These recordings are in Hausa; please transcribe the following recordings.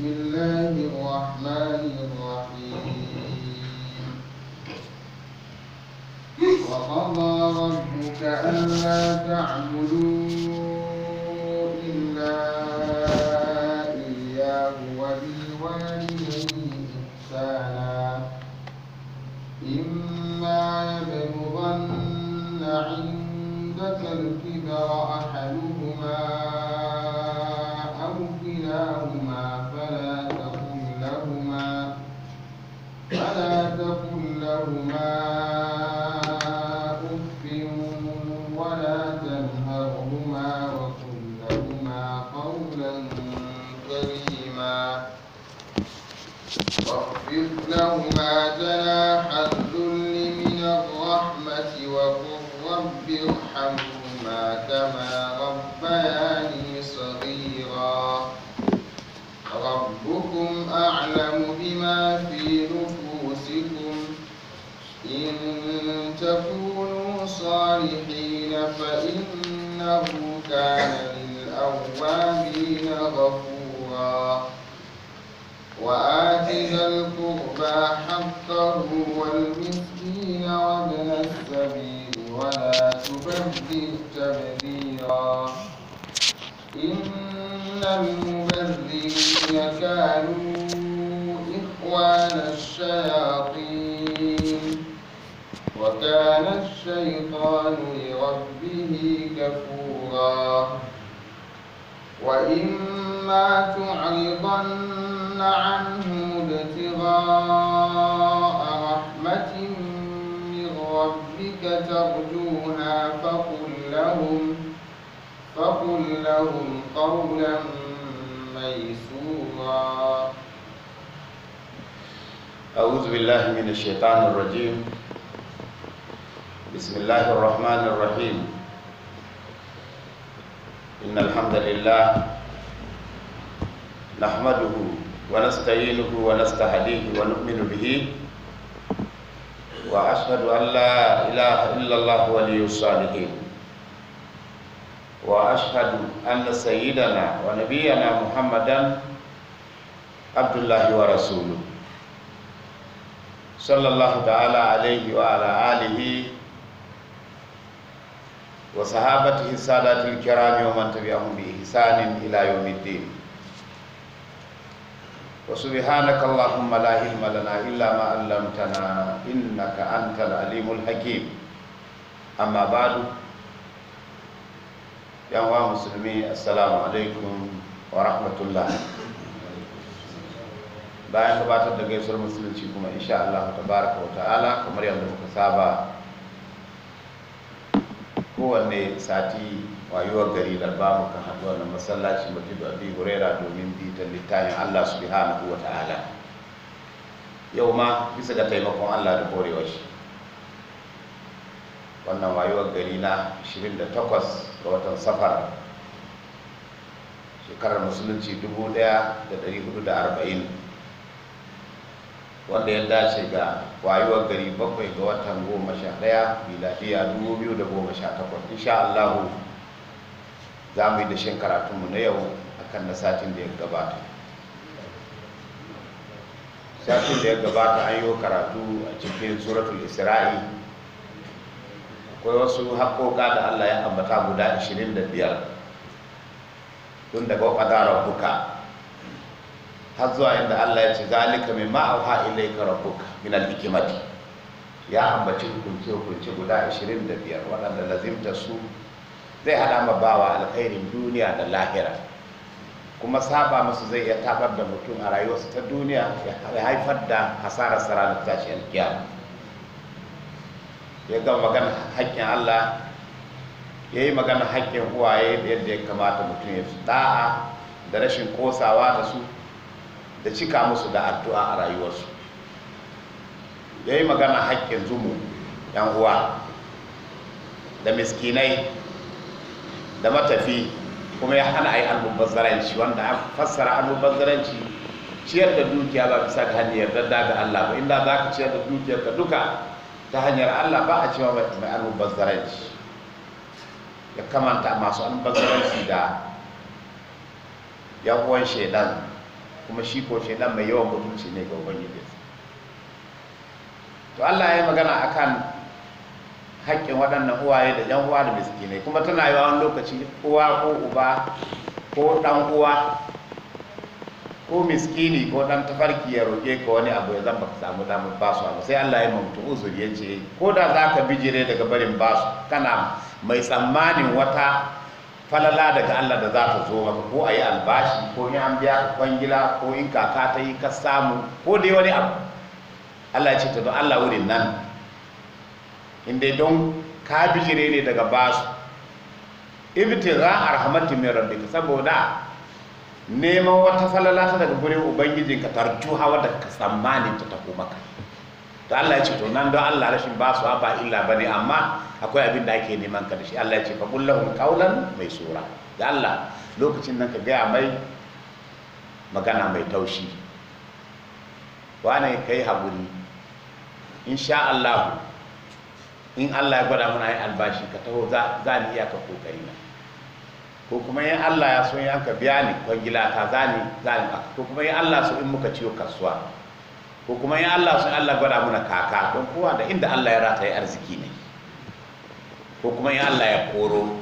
بسم الله الرحمن الرحيم وقضى ربك ألا تعبدوا وكانوا إخوان الشياطين وكان الشيطان لربه كفورا وإما تعرضن عنه ابتغاء رحمة من ربك ترجوها فقل لهم فقل لهم قولا ميسورا أعوذ بالله من الشيطان الرجيم بسم الله الرحمن الرحيم إن الحمد لله نحمده ونستعينه ونستهديه ونؤمن به وأشهد أن لا إله إلا الله ولي الصالحين وأشهد أن سيدنا ونبينا محمدا عبد الله ورسوله صلى الله تعالى عليه وعلى آله وصحابته السادات الكرام ومن تبعهم بإحسان إلى يوم الدين وسبحانك اللهم لا علم لنا إلا ما علمتنا إنك أنت العليم الحكيم أما بعد yawon musulmi assalamu alaikum wa rahmatullah bayan gabatar da gaisuwar musulunci kuma insha Allah ta baraka wa ta'ala kamar yadda muka saba kowanne sati wayuwar gari larba muka haɗu wannan masallaci da abi huraira domin bitan littafin Allah subhanahu wa ta'ala yau ma bisa ga taimakon Allah da borewar shi wannan wayuwar gari na 28 ga watan safar shekarar musulunci 1440 wanda ya dace ga wayuwar gari bakwai ga watan goma sha daya miladiya 2018 insha Allah, za mu yi da shin karatunmu na yau akan na satin da ya gabata satin da ya gabata an yi karatu a cikin suratul isra'i akwai wasu haƙoƙa da Allah ya ambata guda 25 tun daga waƙada buka har zuwa inda Allah ya ce zalika min ma'auha ilayka rabbuka min al-hikmati ya ambaci hukunce hukunce guda 25 waɗanda lazimta su zai hada ma bawa alkhairin duniya da lahira kuma saba masu zai iya tabar da mutum a rayuwarsa ta duniya ya haifar da hasarar sarar tashi alkiyama ya ga magana haƙƙin Allah ya yi magana haƙƙin huwaye da yadda ya kamata mutum ya da'a da rashin kosawa da su da cika musu da addu'a a rayuwarsu ya yi magana haƙƙin zumu yan uwa da miskinai da matafi kuma ya hana ayi yi almubazzaranci wanda an fassara zaranci ciyar da dukiya ba bisa ga hanyar yarda ga Allah ba inda za ka ciyar da dukiyarka duka ta hanyar Allah ba a cewa mai almubazzaranci ya kamanta masu almubazzaranci da uwan shaidan kuma shi ko shaidan mai yawan mutunci ne ga ubangiji to Allah ya yi magana akan haƙƙin waɗannan uwaye da yan uwa da miskinai kuma tana yi lokaci uwa ko uba ko ɗan uwa ko miskini ko dan tafarki ya roƙe ka wani abu ya zama ka samu damar basu abu sai Allah ya mamtu uzuri ya ce ko da za ka bijire daga barin basu kana mai tsammanin wata falala daga Allah da za ta zo maka ko a yi albashi ko in an biya kwangila ko in kaka ta yi ka samu ko dai wani abu Allah ya ce ta Allah wurin nan in dai don ka bijire ne daga basu ibtigha arhamatin min rabbika saboda neman wata falala ta daga gurin ubangijin ka hawa da ka tsammanin ta tafi maka to Allah ya ce to nan don Allah rashin ba su ba illa bane amma akwai abin da ake neman ka da shi Allah ya ce faɓun lahun qawlan mai tsora da Allah lokacin nan ka gaya mai magana mai taushi wane kai haƙuri insha Allah in Allah ya gwada mana yi albashi ka taho za ni iya ka kokari ko kuma yin Allah ya so in ka biya ni kwangila ta zani zani ko kuma yin Allah sun in muka ciwo kasuwa ko kuma yin Allah sun Allah gwada muna kaka don kowa da inda Allah ya rataye arziki ne ko kuma yin Allah ya koro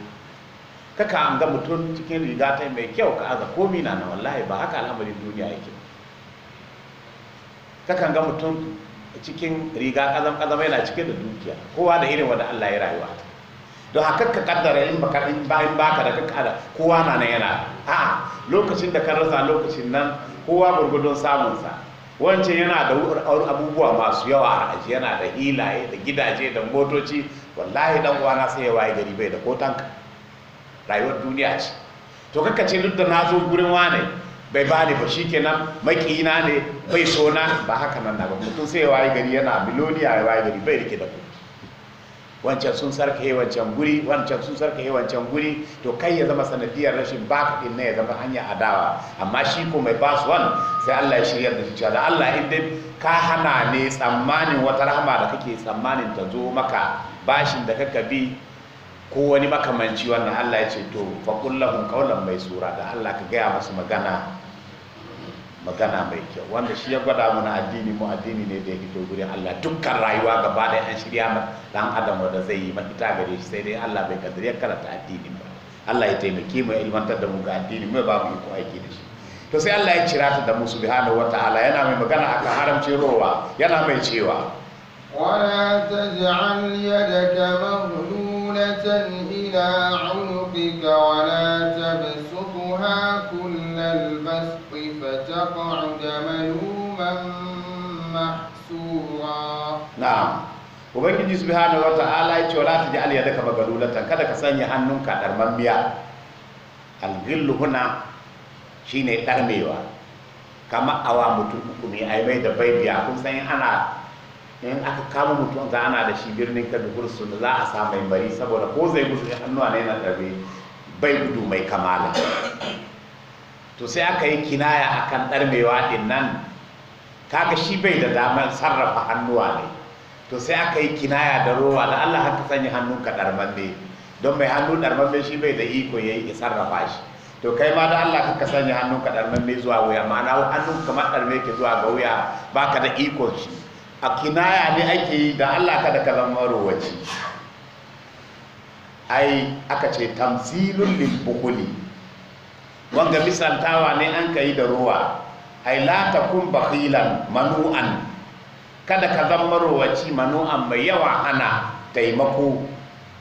kaka an ga mutum cikin riga ta mai kyau ka aza komi na na wallahi ba haka al'amarin duniya yake kakan ga mutum cikin riga kazam kazam yana cike da dukiya kowa da irin wanda Allah ya rayuwa ta don haka ka kaddara in baka bayan baka da kowa na nan yana a lokacin da ka rasa lokacin nan kowa gurgudun samun sa wancan yana da abubuwa masu yawa a aji yana da hilaye da gidaje da motoci wallahi dan uwana sai ya waye gari bai da kotanka rayuwar duniya ce to kaka ce duk da na zo gurin wane bai ba ba shi kenan makiyina ne bai sona ba haka nan na ba mutum sai ya waye gari yana miloniya ya waye gari bai rike da ku wancan sun sarkahe wancan guri wancan sun yi wancan guri to kai ya zama sanadiyar rashin ba ɗin na ya zama hanya adawa amma shi ko mai ba su sai Allah ya shirya da cewa da Allah in dai ka hana ne tsammanin wata rahama da kake tsammanin ta zo maka bashin da kaka bi ko wani makamanci wannan Allah ya ce to fa qul mai sura da Allah ka gaya masu magana magana mai kyau wanda shi ya gwada mana addini mu addini ne da ya fito gurin Allah dukkan rayuwa gaba da an shirya ma dan adam da zai yi ta gare shi sai dai Allah bai ya karanta addini ba Allah ya taimake mu ya ilmantar da mu ga addini mu ba mu iko aiki da shi to sai Allah ya cira ta da mu subhanahu wataala yana mai magana akan haramcin rowa yana mai cewa ولا تجعل يدك مغلولة إلى عنقك ولا تبسطها كل البسط فتقعد ملوما محسورا نعم ubangiji subhanahu wa ta'ala ya ce wala taj'al yadaka magalulatan kada ka sanya hannunka darmammiya al-ghillu huna shine darmewa kama awa mutum uku ne ai mai da bai biya kun san ana in aka kama mutum ga ana da shi birnin Kaduna su da za a sa mai bari saboda ko zai gudu hannuwa ne na darbe bai gudu mai kamala to sai aka yi kinaya akan ɗarmewa ɗin nan kaga shi bai da damar sarrafa hannuwa ne to sai aka yi kinaya da rowa da Allah haka sanya ka ɗarman ne? don mai hannu ne shi bai da iko ya yi sarrafa shi to kai ma da Allah ka sanya ka ɗarman ne zuwa wuya ma'ana hannun kamar ɗarme ke zuwa ga wuya ka da iko shi a kinaya ne ake yi da Allah ka da kalan marowaci ai aka ce tamsilun lil wanga misaltawa ne an kai da ruwa ai la takun bakhilan manu'an kada ka zama rowaci manu'an mai yawa ana taimako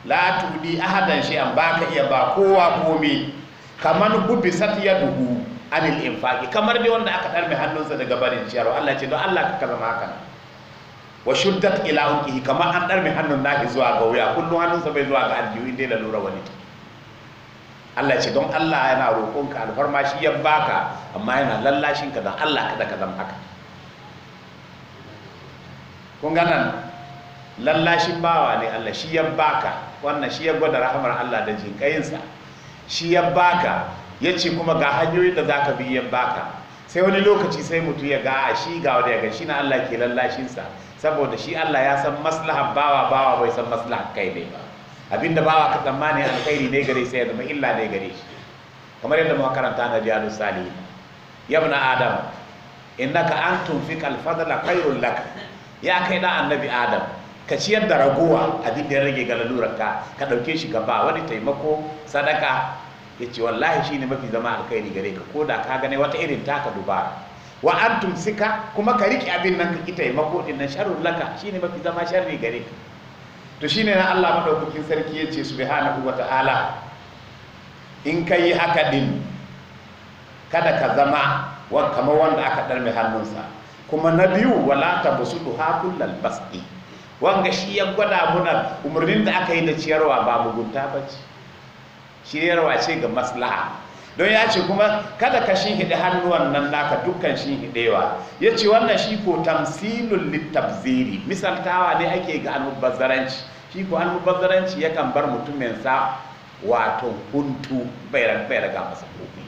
la tudi ahadan shi an baka iya ba kowa komi kaman gubisat dubu anil infaqi kamar dai wanda aka tarbe hannunsa daga barin ciyarwa Allah ce don Allah ka zama haka wa shuddat ila unqihi kamar an tarbe hannun naki zuwa ga wuya kullun hannunsa bai zuwa ga aljiwi dai lura wani Allah ce don Allah yana roƙonka alfarma shi ya baka amma yana lallashin ka da Allah kada ka zama haka kun gana lallashin bawa ne Allah shi ya baka wannan shi ya gwada rahamar Allah da jinkayinsa shi ya baka ya ce kuma ga hanyoyin da zaka bi ya baka sai wani lokaci sai mutum ya ga a shi ga wanda ya gashi na Allah ke lallashinsa saboda shi Allah ya san maslahar bawa bawa bai san maslahar kai ne ba abinda bawa ka tsammani alkhairi ne gare sai ya zama illa ne gare shi kamar yadda muka karanta na riyadu salihin ya na adam ka an tunfika alfadla kairun laka. ya kai da annabi adam ka ciyar da ragowa abin da ya rage ga ka ka dauke shi gaba wani taimako sadaka ya ce wallahi ne mafi zama alkhairi gare ka ko da ka gane wata irin taka dubara wa an tumsika kuma ka riƙe abin nan ka ki taimako ɗin nan sharrul laka ne mafi zama sharri gare ka to shine na Allah madaukakin sarki ya yace subhanahu ta'ala in kai haka din kada ka zama wa kamar wanda aka darme hannunsa kuma na biyu wala su ha kullal basti wanga shi ya gwada muna umarnin da aka yi da ciyarwa ba mugunta bace ciyarwa ce ga maslaha don ya ce kuma kada ka shi hidi hannuwan nan naka dukkan shi hidewa ya ce wannan shi ko tamsilun littabziri misaltawa ne ake ga almubazzaranci shi ko almubazzaranci yakan bar mutumin sa wato huntu bai ga masa kofi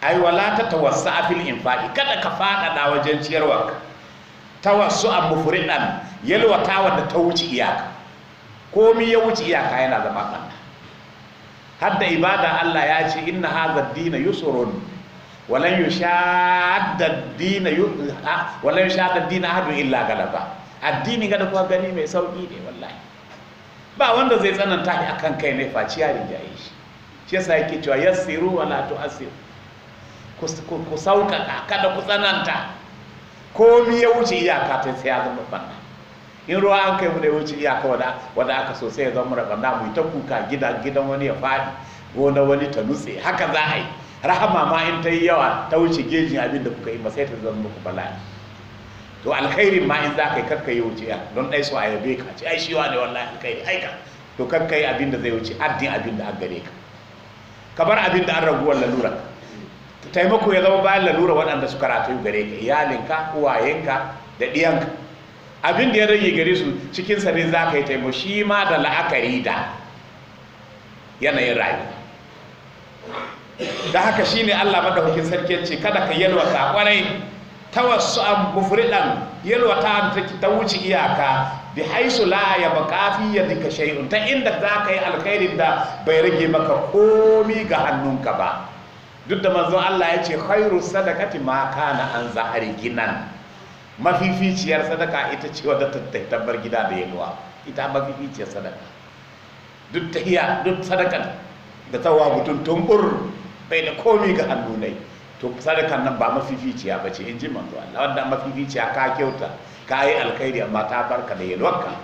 ai wala ta tawassa a fil kada ka faɗaɗa wajen ciyarwa tawassu a ɗan yalwata da ta wuce iyaka komi ya wuce iyaka yana zama ɗan. hadda ibada Allah ya ce inna hadha ad-din yusrun walan yushadda ad-din ah, walan yushadda ad-din ahadu illa galaba addini ga da kuwa gani mai sauki ne wallahi ba wanda zai tsananta shi akan kai ne faciya da rinjaye shi shi yasa yake cewa yassiru wala asir. ku sauƙaƙa kada ku tsananta komi ya wuce iyaka ta sai ya zama banna in ruwa an kai mu da wuce iyaka wanda aka so sai ya zama rabanda mu ta kuka gida gidan wani ya faɗi gona wani ta nutse haka za a yi rahama ma in ta yi yawa ta wuce gejin abin da kuka yi ba sai ta zama muku bala'i to alkhairin ma in za ka yi karka yi wuce ya don ɗai so a yabe ka ce ai shiwa ne wallahi alkhairi aika to karka yi abin da zai wuce addin abin da an gare ka ka bar abin da an raguwar lalura taimako ya zama bayan lalura waɗanda suka ratayu gare ka iyalinka uwayenka da ɗiyanka abin da ya rage gare su cikin sare ne za ka yi taimako shi ma da la'akari da yanayin rayu da haka shine Allah madaukakin sarki ce kada ka yalwata kwarai ta wasu ɗan yalwata ta wuce iyaka bi haisu kafi ya baqafi shayin ta inda za ka yi alkhairin da bai rage maka komi ga hannunka ba duk da manzon Allah ya ce khairu sadakati ma kana an zahari ginan mafificiyar sadaka ita ce wadda ta tabbar gida da yalwa ita mafificiyar sadaka duk tahiya duk sadaka da wa mutum tumbur bai da komi ga hannu ne to sadaka nan ba mafificiya ba ce in ji manzo Allah wanda mafificiya ka kyauta ka yi alkhairi amma ta barka da yalwarka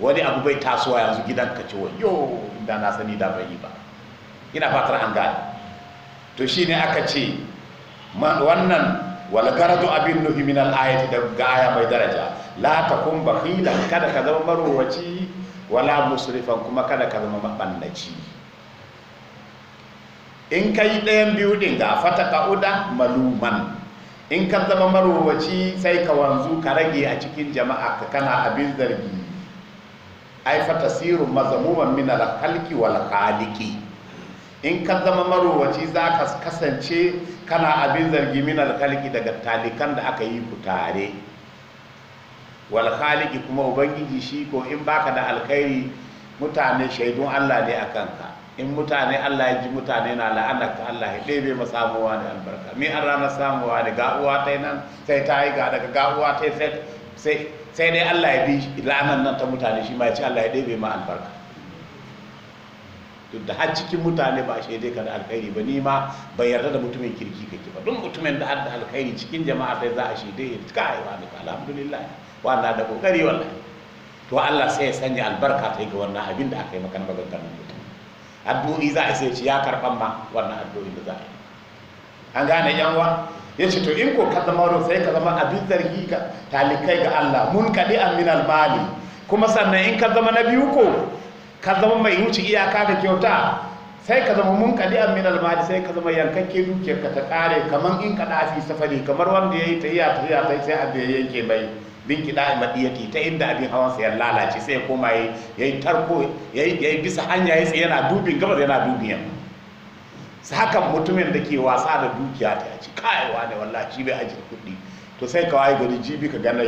wani abu bai tasowa yanzu gidan ka ce yo da na sani da bai yi ba ina fatar an gane to shine aka ce wannan wal abin nuhi min al da daga aya mai daraja la takun bakhila kada ka zama marwaci wala musrifan kuma kada ka zama mabannaci in kai ɗayan biyu din ga fata ka'uda maluman in ka zama marowaci sai ka wanzu ka rage a cikin jama'a ka kana abin zargi ai fa tasirun mazmuman min al-khalqi wal khaliqi in ka zama marowaci za ka kasance kana abin zargi min alkhaliki daga talikan da aka yi ku tare wal khaliki kuma ubangiji shi ko in baka da alkhairi mutane shaidun Allah ne akan ka in mutane Allah ya ji mutane na la'anar ta Allah ya ɗebe ma samuwa ne albarka ni an rana samuwa ne ga uwa ta nan sai ta yi ga daga ga uwa ta sai sai dai Allah ya bi la'anar nan ta mutane shi ma ya ci Allah ya ɗebe ma albarka duk da har cikin mutane ba shi dai ka da alkhairi ba ni ma yarda da mutumin kirki kake ba don mutumin da har da alkhairi cikin jama'a sai za a shi dai ka ai wa alhamdulillah wallahi da kokari wallahi to Allah sai ya sanya albarka ta ga wannan abin da aka yi maka na maganganun mutum addu'i za a sai ci ya karban ma wannan addu'i da za a yi an gane yanwa ya ce to in ko ka zama wurin sai ka zama abin zargi ka talikai ga Allah mun kadi aminal mali kuma sannan in ka zama na biyu ko ka zama mai wuce iyaka da kyauta sai ka zama mun kadi min almali sai ka zama yankakke dukiyar ka ta kare kamar in ka dafi safari kamar wanda yayi ta iya ta iya sai abin yanke mai bin a madiyati ta inda abin hawan sa ya lalace sai koma yayi tarko yayi bisa hanya yayi tsaye yana dubin gabas yana dubin Sa hakan mutumin da ke wasa da dukiya ta ci kayawa ne wallahi bai ajiye kuɗi to sai ka waye gari jibi ka gana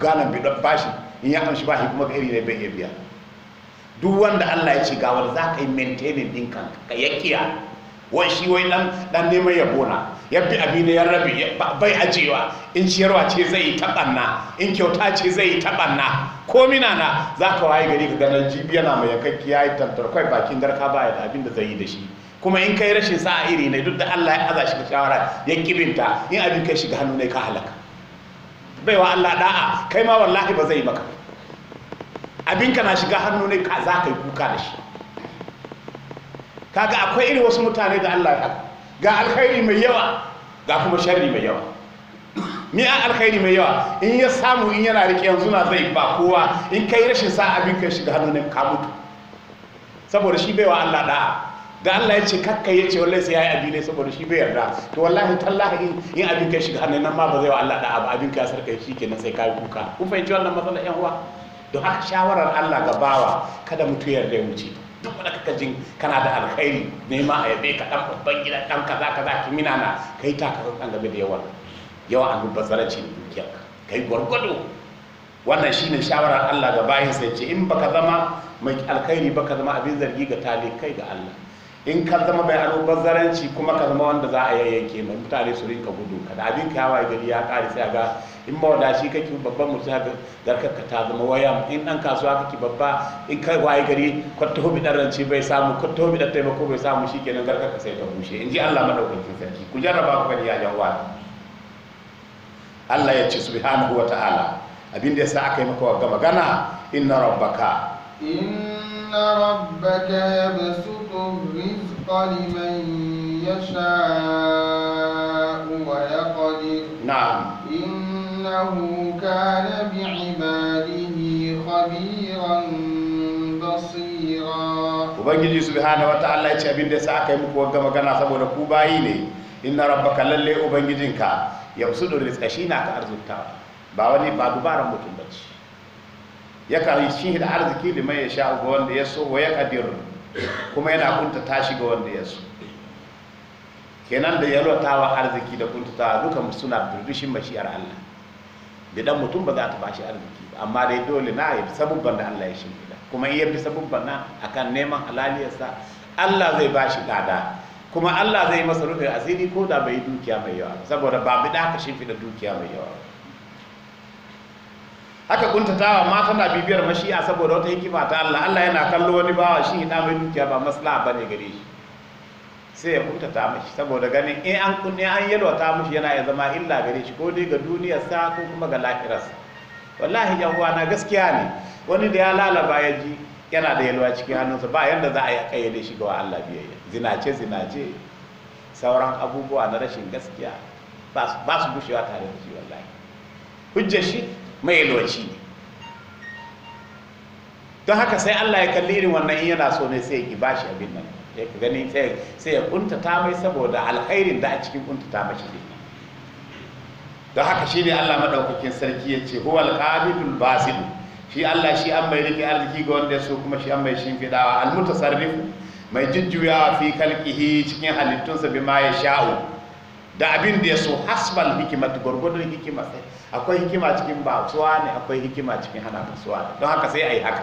ganan bi bashi in ya amshi bashi kuma ka iri ne bai iya biya duk wanda Allah ya ce gawar za ka yi maintaining din kan ka yakiya wai shi wai dan neman yabo na yabbi abi ne ya rabi bai ajewa in ciyarwa ce zai yi taɓanna in kyauta ce zai yi taɓanna ko mina na za ka waye gari ga ganar jibi yana mai yakakki ya yi tantarkwai bakin garka baya da abin da zai yi da shi kuma in kai rashin sa'a iri ne duk da Allah ya aza shi ka shawara ya kibinta in abin kai shiga hannu ne ka halaka baiwa Allah da'a kai ma wallahi ba zai maka abinka na shiga hannu ne za ka yi kuka da shi kaga akwai irin wasu mutane da Allah ya ga alkhairi mai yawa ga kuma sharri mai yawa mi an alkhairi mai yawa in ya samu in yana rike yanzu na zai ba kowa in kai rashin sa abin kai shiga hannu ne ka mutu saboda shi baiwa Allah da'a da Allah ya ce kakka ya ce wallahi sai ya yi abin saboda shi bai yarda to wallahi tallahi in abin kai shiga hannu nan ma ba zai wa Allah da'a ba abin kai sarkai shi kenan sai ka yi kuka kun fahimci wannan matsalar yan uwa don haka shawarar Allah ga bawa kada mutu yarda ya wuce duk wanda kaka jin kana da alkhairi nema a yabe ka dan babban gida dan kaza kaza ki mina kai ta ka dan game da yawan yawan zarace ne dukiyar kai gwargwado wannan shine shawarar Allah ga bayin sai ce in baka zama mai alkhairi baka zama abin zargi ga talikai ga Allah in ka zama mai almubazzaranci kuma ka zama wanda za a yayyanke ma mutane su rinka gudu ka da abin kyawa gari ya kare sai ga in mawadashi kake babban mutum ga garkar ka ta zama waya in dan kasuwa kake babba in ka waye gari kwatta hobi dan ranci bai samu kwatta hobi dan taimako bai samu shikenan garkar ka sai ta bushe in ji Allah madaukakin sarki ku jarraba ku gani ya yawa Allah ya ce subhanahu wa ta'ala abin da yasa aka yi maka wa gama magana inna rabbaka inna rabbaka yabsu الحق لمن يشاء ويقدر نعم إنه كان بعباده خبيرا basira ubangiji subhanahu wataala ya ce abin da sa aka yi muku wagga magana saboda ku bayi ne inna rabbaka lalle ubangijinka yabsudu rizqa shi na ka arzuta ba wani ba dubaran mutum bace shi da arziki liman ya sha ga wanda ya so ya kuma yana kuntata shi ga wanda ya su, kenan da yalwatawa arziki da kuntatawa duka suna birbishin mashiyar Allah da dan mutum ba za ta bashi arziki ba amma dai dole na yi sabubban da Allah ya shimfiɗa kuma in ya bi sabubban na akan neman halaliyarsa Allah zai ba bashi lada kuma Allah zai masa rufin asiri ko da bai dukiya mai yawa saboda ba bi da fi shimfiɗa dukiya mai yawa ba aka kuntatawa ma na bibiyar mashi'a saboda wata hikima ta Allah Allah yana kallo wani bawa shi ina mai dukiya ba maslaha bane gare shi sai ya kuntata mashi saboda ganin in an kunne an yalwata mashi yana ya zama illa gare shi ko dai ga duniya sa ko kuma ga lahiras wallahi yan uwa na gaskiya ne wani da ya lalaba ya ji yana da yalwa cikin hannunsa ba yanda za a yi kayyade shi ga Allah biyayya zinace zinace sauran abubuwa na rashin gaskiya ba su gushewa tare da shi wallahi hujjar shi mai loci ne don haka sai Allah ya kalli irin wannan in yana so ne sai ya ba shi abin nan ya gani sai ya ta mai saboda alkhairin da a cikin ta mashi ne don haka shi ne Allah maɗaukakin sarki ya ce huwal qabilul basid shi Allah shi an mai rike arziki ga wanda ya so kuma shi an mai shimfidawa al mutasarrifu mai jujjuyawa fi kalkihi cikin halittunsa ma ya sha'u da abin da ya so hasbal hikimatu gwargwadon hikima sai akwai hikima cikin ba suwa ne akwai hikima cikin hana ba suwa ne don haka sai a yi haka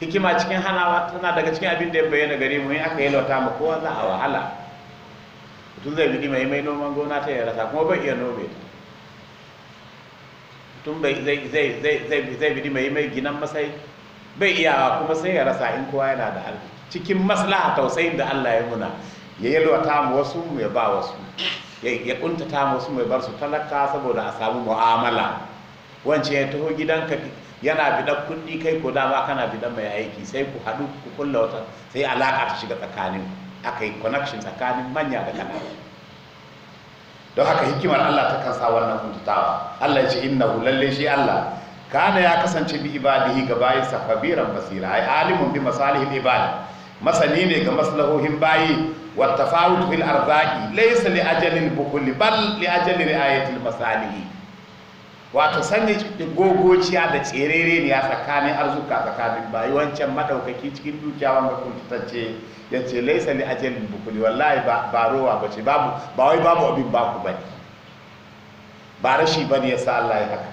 hikima cikin hanawa tana daga cikin abin da ya bayyana gare mu aka yi lauta ma kowa za a wahala Tun zai bidi mai mai noman gona ta ya rasa kuma bai iya nome ta mutum zai bidi mai mai ginan masai bai iyawa kuma sai ya rasa in kowa yana da arziki cikin maslaha tausayin da Allah ya muna ya yalwata ma wasu mu ya ba wasu ya kuntata musu mai bar su talaka saboda a samu mu'amala wance ya taho gidanka yana bidan kuɗi kai ko dama kana bidan mai aiki sai ku haɗu ku kulla wata sai alaƙa ta shiga tsakanin aka yi connection tsakanin manya da kanana don haka hikimar Allah ta kansa wannan kuntatawa Allah ya ce innahu lalle shi Allah kana ya kasance bi ibadihi ga sa khabiran basira ai alimun bi masalihil ibad masani ne ga maslahohin bayi والتفاوت في الأرزاق ليس لأجل البخل بل لأجل رعاية المصالح wata sanya gogociya da tserere ne a tsakanin arzuka tsakanin bayi wancan madaukaki cikin dukiya wanda kuntutacce ya ce laisa li ajalin bukuli wallahi ba rowa ba ce ba wai abin baku bane ba rashi bane yasa Allah ya haka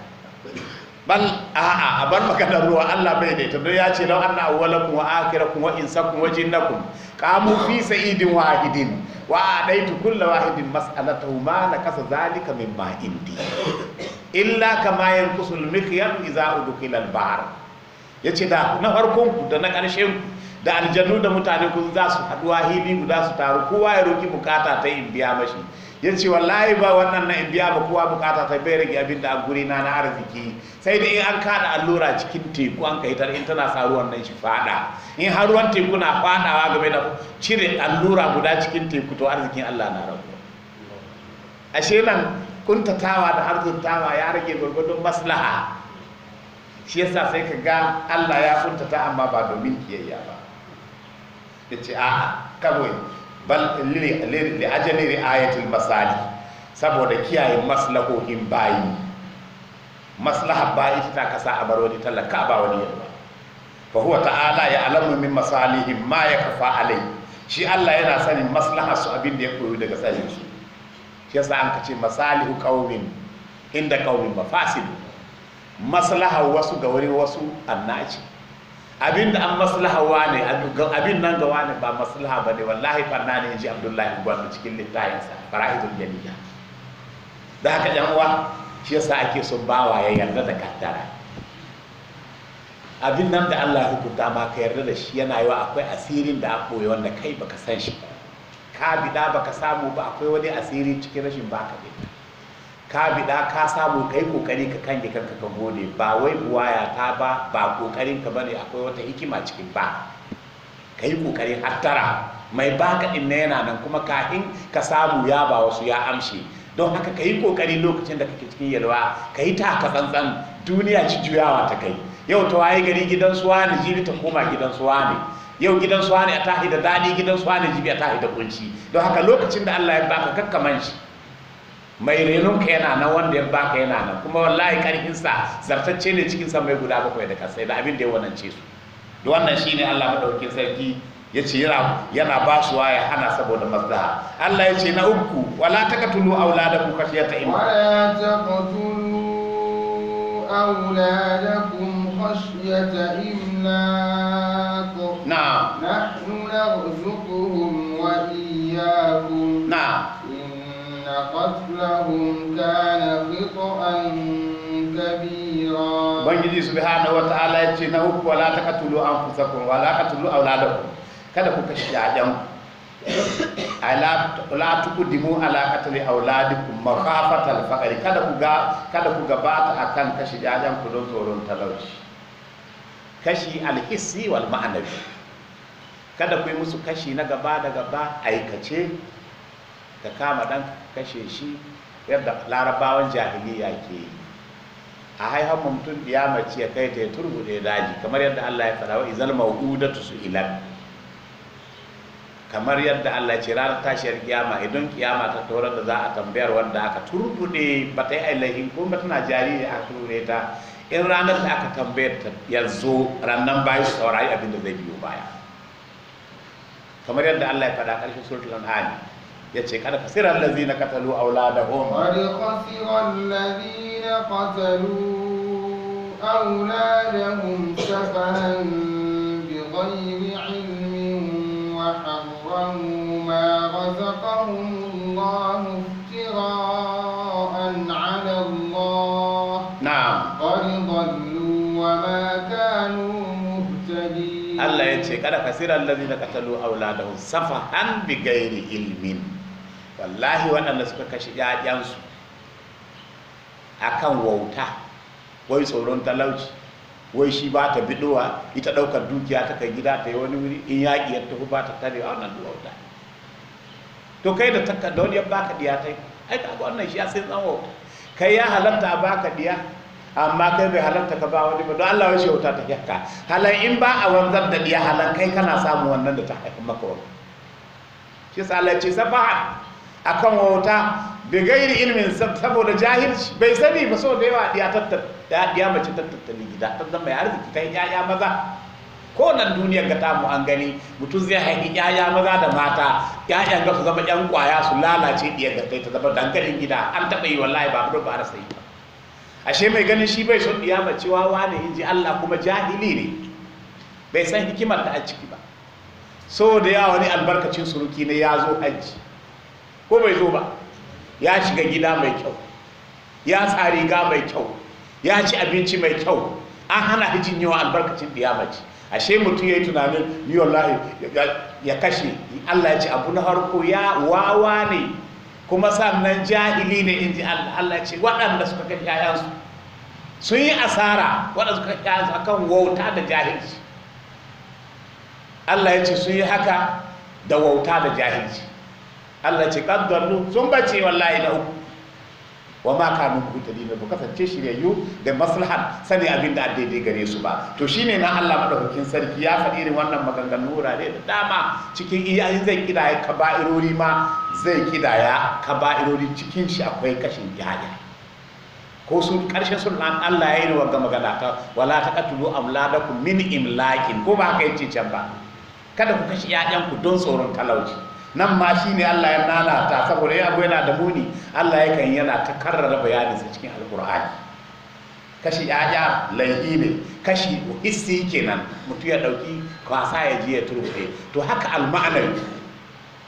bal a'a a bar maganar ruwa Allah bai da don ya ce law anna awwalakum wa akhirakum wa insakum wa jinnakum qamu fi sa'idin wahidin wa adaitu kullu wahidin mas'alatahu ma nakasa zalika mimma indi illa kama yanqusu al-mikhyal idza udkhila al-bahr yace da na farkon ku da na ƙarshen ku da aljannu da mutane ku za su haɗuwa hili guda su taru kowa ya roki bukata ta in biya mashi ya ci wallahi ba wannan na in biya ba kowa bukata ta bai ga abin da a guri na na arziki sai dai in an kada allura cikin teku an kai tar in tana sa ruwan nan shi fada in har ruwan teku na fadawa game da cire allura guda cikin teku to arzikin Allah na rabu ashe nan kuntatawa da arzuntawa ya rage gwargwadon maslaha shi yasa sai ka ga Allah ya kuntata amma ba domin kiyayya ba ya ce a'a kawai bal li ajali ri'ayatil masali saboda kiyaye maslahohin bayi maslaha bayi ta kasa a bar talaka ba wani yarwa fa huwa ta'ala ya alamu min masalihim ma yakfa alai shi Allah yana sanin maslaha su abin da ya koyo daga sanin shi. shi yasa an kace masalihu qaumin inda qaumin mafasid maslaha wasu ga wani wasu annaci abin da an maslaha ne abin nan ga wane ba maslaha ba ne wallahi farna ne ji abdullahi gwandu cikin sa Fara'idun jami'a da haka yan uwa shi yasa ake son bawa ya yarda da kaddara abin nan da Allah ya hukunta ma ka yarda da shi yana yiwa akwai asirin da an boye wanda kai baka san shi ka bida baka samu ba akwai wani asiri cikin rashin baka bida ka biɗa ka samu kai kokari ka kange kanka ka gode ba wai buwaya ta ba ba kokarin ka bane akwai wata hikima cikin ba kai kokari hattara mai baka din na yana nan kuma kafin ka samu ya ba wasu ya amshi don haka kai kokari lokacin da kake cikin yalwa kai ta ka tsantsan duniya ci juyawa ta kai yau ta waye gari gidan suwa ne jibi ta koma gidan suwa ne yau gidan suwa ne a tahi da daɗi gidan suwa ne jibi a tahi da kunci don haka lokacin da Allah ya baka kakkaman shi mai renon ka yana nan wanda ya baka yana nan kuma wallahi sa zartacce ne cikin sa mai guda bakwai da kasai da abin da ya ce su da wannan shine Allah madaukakin sarki ya ce yana ba su waya hana saboda maslaha Allah ya ce na uku wala takatulu auladakum khashyata imma wala takatulu auladakum khashyata imma na'am nahnu narzuquhum wa iyyakum na'am قتلهم كان خطأ كبيرا بنجي سبحانه وتعالى يتنا ولا تقتلوا أنفسكم ولا تقتلوا أولادكم kada ku kashi kashe yayan la tuqdimu ala qatli auladikum makhafatal faqri kada ku ga kada ku gabata akan kashe yayan ku don tsoron talauci kashi alhissi wal ma'anawi kada ku yi musu kashi na gaba da gaba aikace ka kama dan kashe shi yadda larabawan jahiliya ke yi a haihar mutum ya mace ya kai ta ya turbude daji kamar yadda Allah ya faɗa wa izal mawudatu su ilal kamar yadda Allah ce ranar tashiyar kiyama idan kiyama ta tauran da za a tambayar wanda aka turbu ne ba ta yi ailahin ko ba tana jariri aka ne ta in ranar da aka tambayar ta yanzu rannan bayan su saurari abin zai biyo baya kamar yadda Allah ya faɗa ƙarshen suratul anhali ya ce kada kasiran lazina katalu auladahum qad khasira allazina qatalu auladahum safahan bighayri ilmin wa harramu ma razaqahum Allah iftira'an 'ala Allah na'am qad dhallu wa ma kanu muhtadin Allah ya ce kada kasiran lazina katalu auladahum safahan bighayri ilmin wallahi waɗanda suka kashe ‘ya'yansu a kan wauta wai tsoron talauci wai shi ba ta biɗowa ita ɗaukar dukiya ta kai gida ta yi wani wuri in yaƙi ya tafi ba ta tare a wannan wauta to kai da takarda wani ya baka diya ta yi ai ka wannan shi ya sai tsan wauta kai ya halatta a baka diya amma kai bai halatta ka ba wani ba don Allah ya wauta ta yakka halan in ba a wanzar da diya halan kai kana samun wannan da ta haifa maka wani shi sa ce safaha akan wauta da gairi ilimin saboda jahilci bai sani ba so da yawa ya tattar ya mace tattattali gida ta zama ya arziki ta yaya maza ko nan duniyar ga tamu an gani mutum zai haifi yaya maza da mata yayan ga su zama yan kwaya su lalace diyar da kai ta zama dankalin gida an taɓa yi wallahi ba ba rasa yi ba ashe mai ganin shi bai so diya mace wawa ne inji Allah kuma jahili ne bai san hikimar ta a ciki ba so da yawa ne albarkacin suruki ne ya zo hajji ko bai zo ba ya shiga gida mai kyau ya tsari ga mai kyau ya ci abinci mai kyau an hana hijin yawa albarkacin da ya mace ashe mutum ya yi tunanin yi lahi ya kashe Allah ya ce abu na harko ya wawa ne kuma sannan jahili ne in ji Allah ya ce waɗanda suka kan yayansu sun yi asara waɗanda suka kan yayansu akan wauta da jahilci Allah ya ce sun yi haka da wauta da jahilci Allah ce kaddalu sun bace wallahi da uku wa ma kanu mutadina ba kasance shiryayyu da maslahar sani abin da daidai gare su ba to shine na Allah madaukakin sarki ya faɗi irin wannan maganganu wurare da dama cikin iyayen zai kidaya kaba'irori ma zai kidaya kaba'irori cikin shi akwai kashin iyaye ko sun karshe sun Allah ya yi wa magana ta wala taqatulu amladakum min imlakin ko ba yi ce can ba kada ku kashe ku don tsoron talauci nan ma shi shine Allah ya ta saboda ya yana da muni Allah ya kan yana ta karrara bayaninsa cikin alkur'ani kashi ya'ya laihi ne kashi hissi kenan mutum ya dauki kwasa ya ji ya turbe to haka alma'anar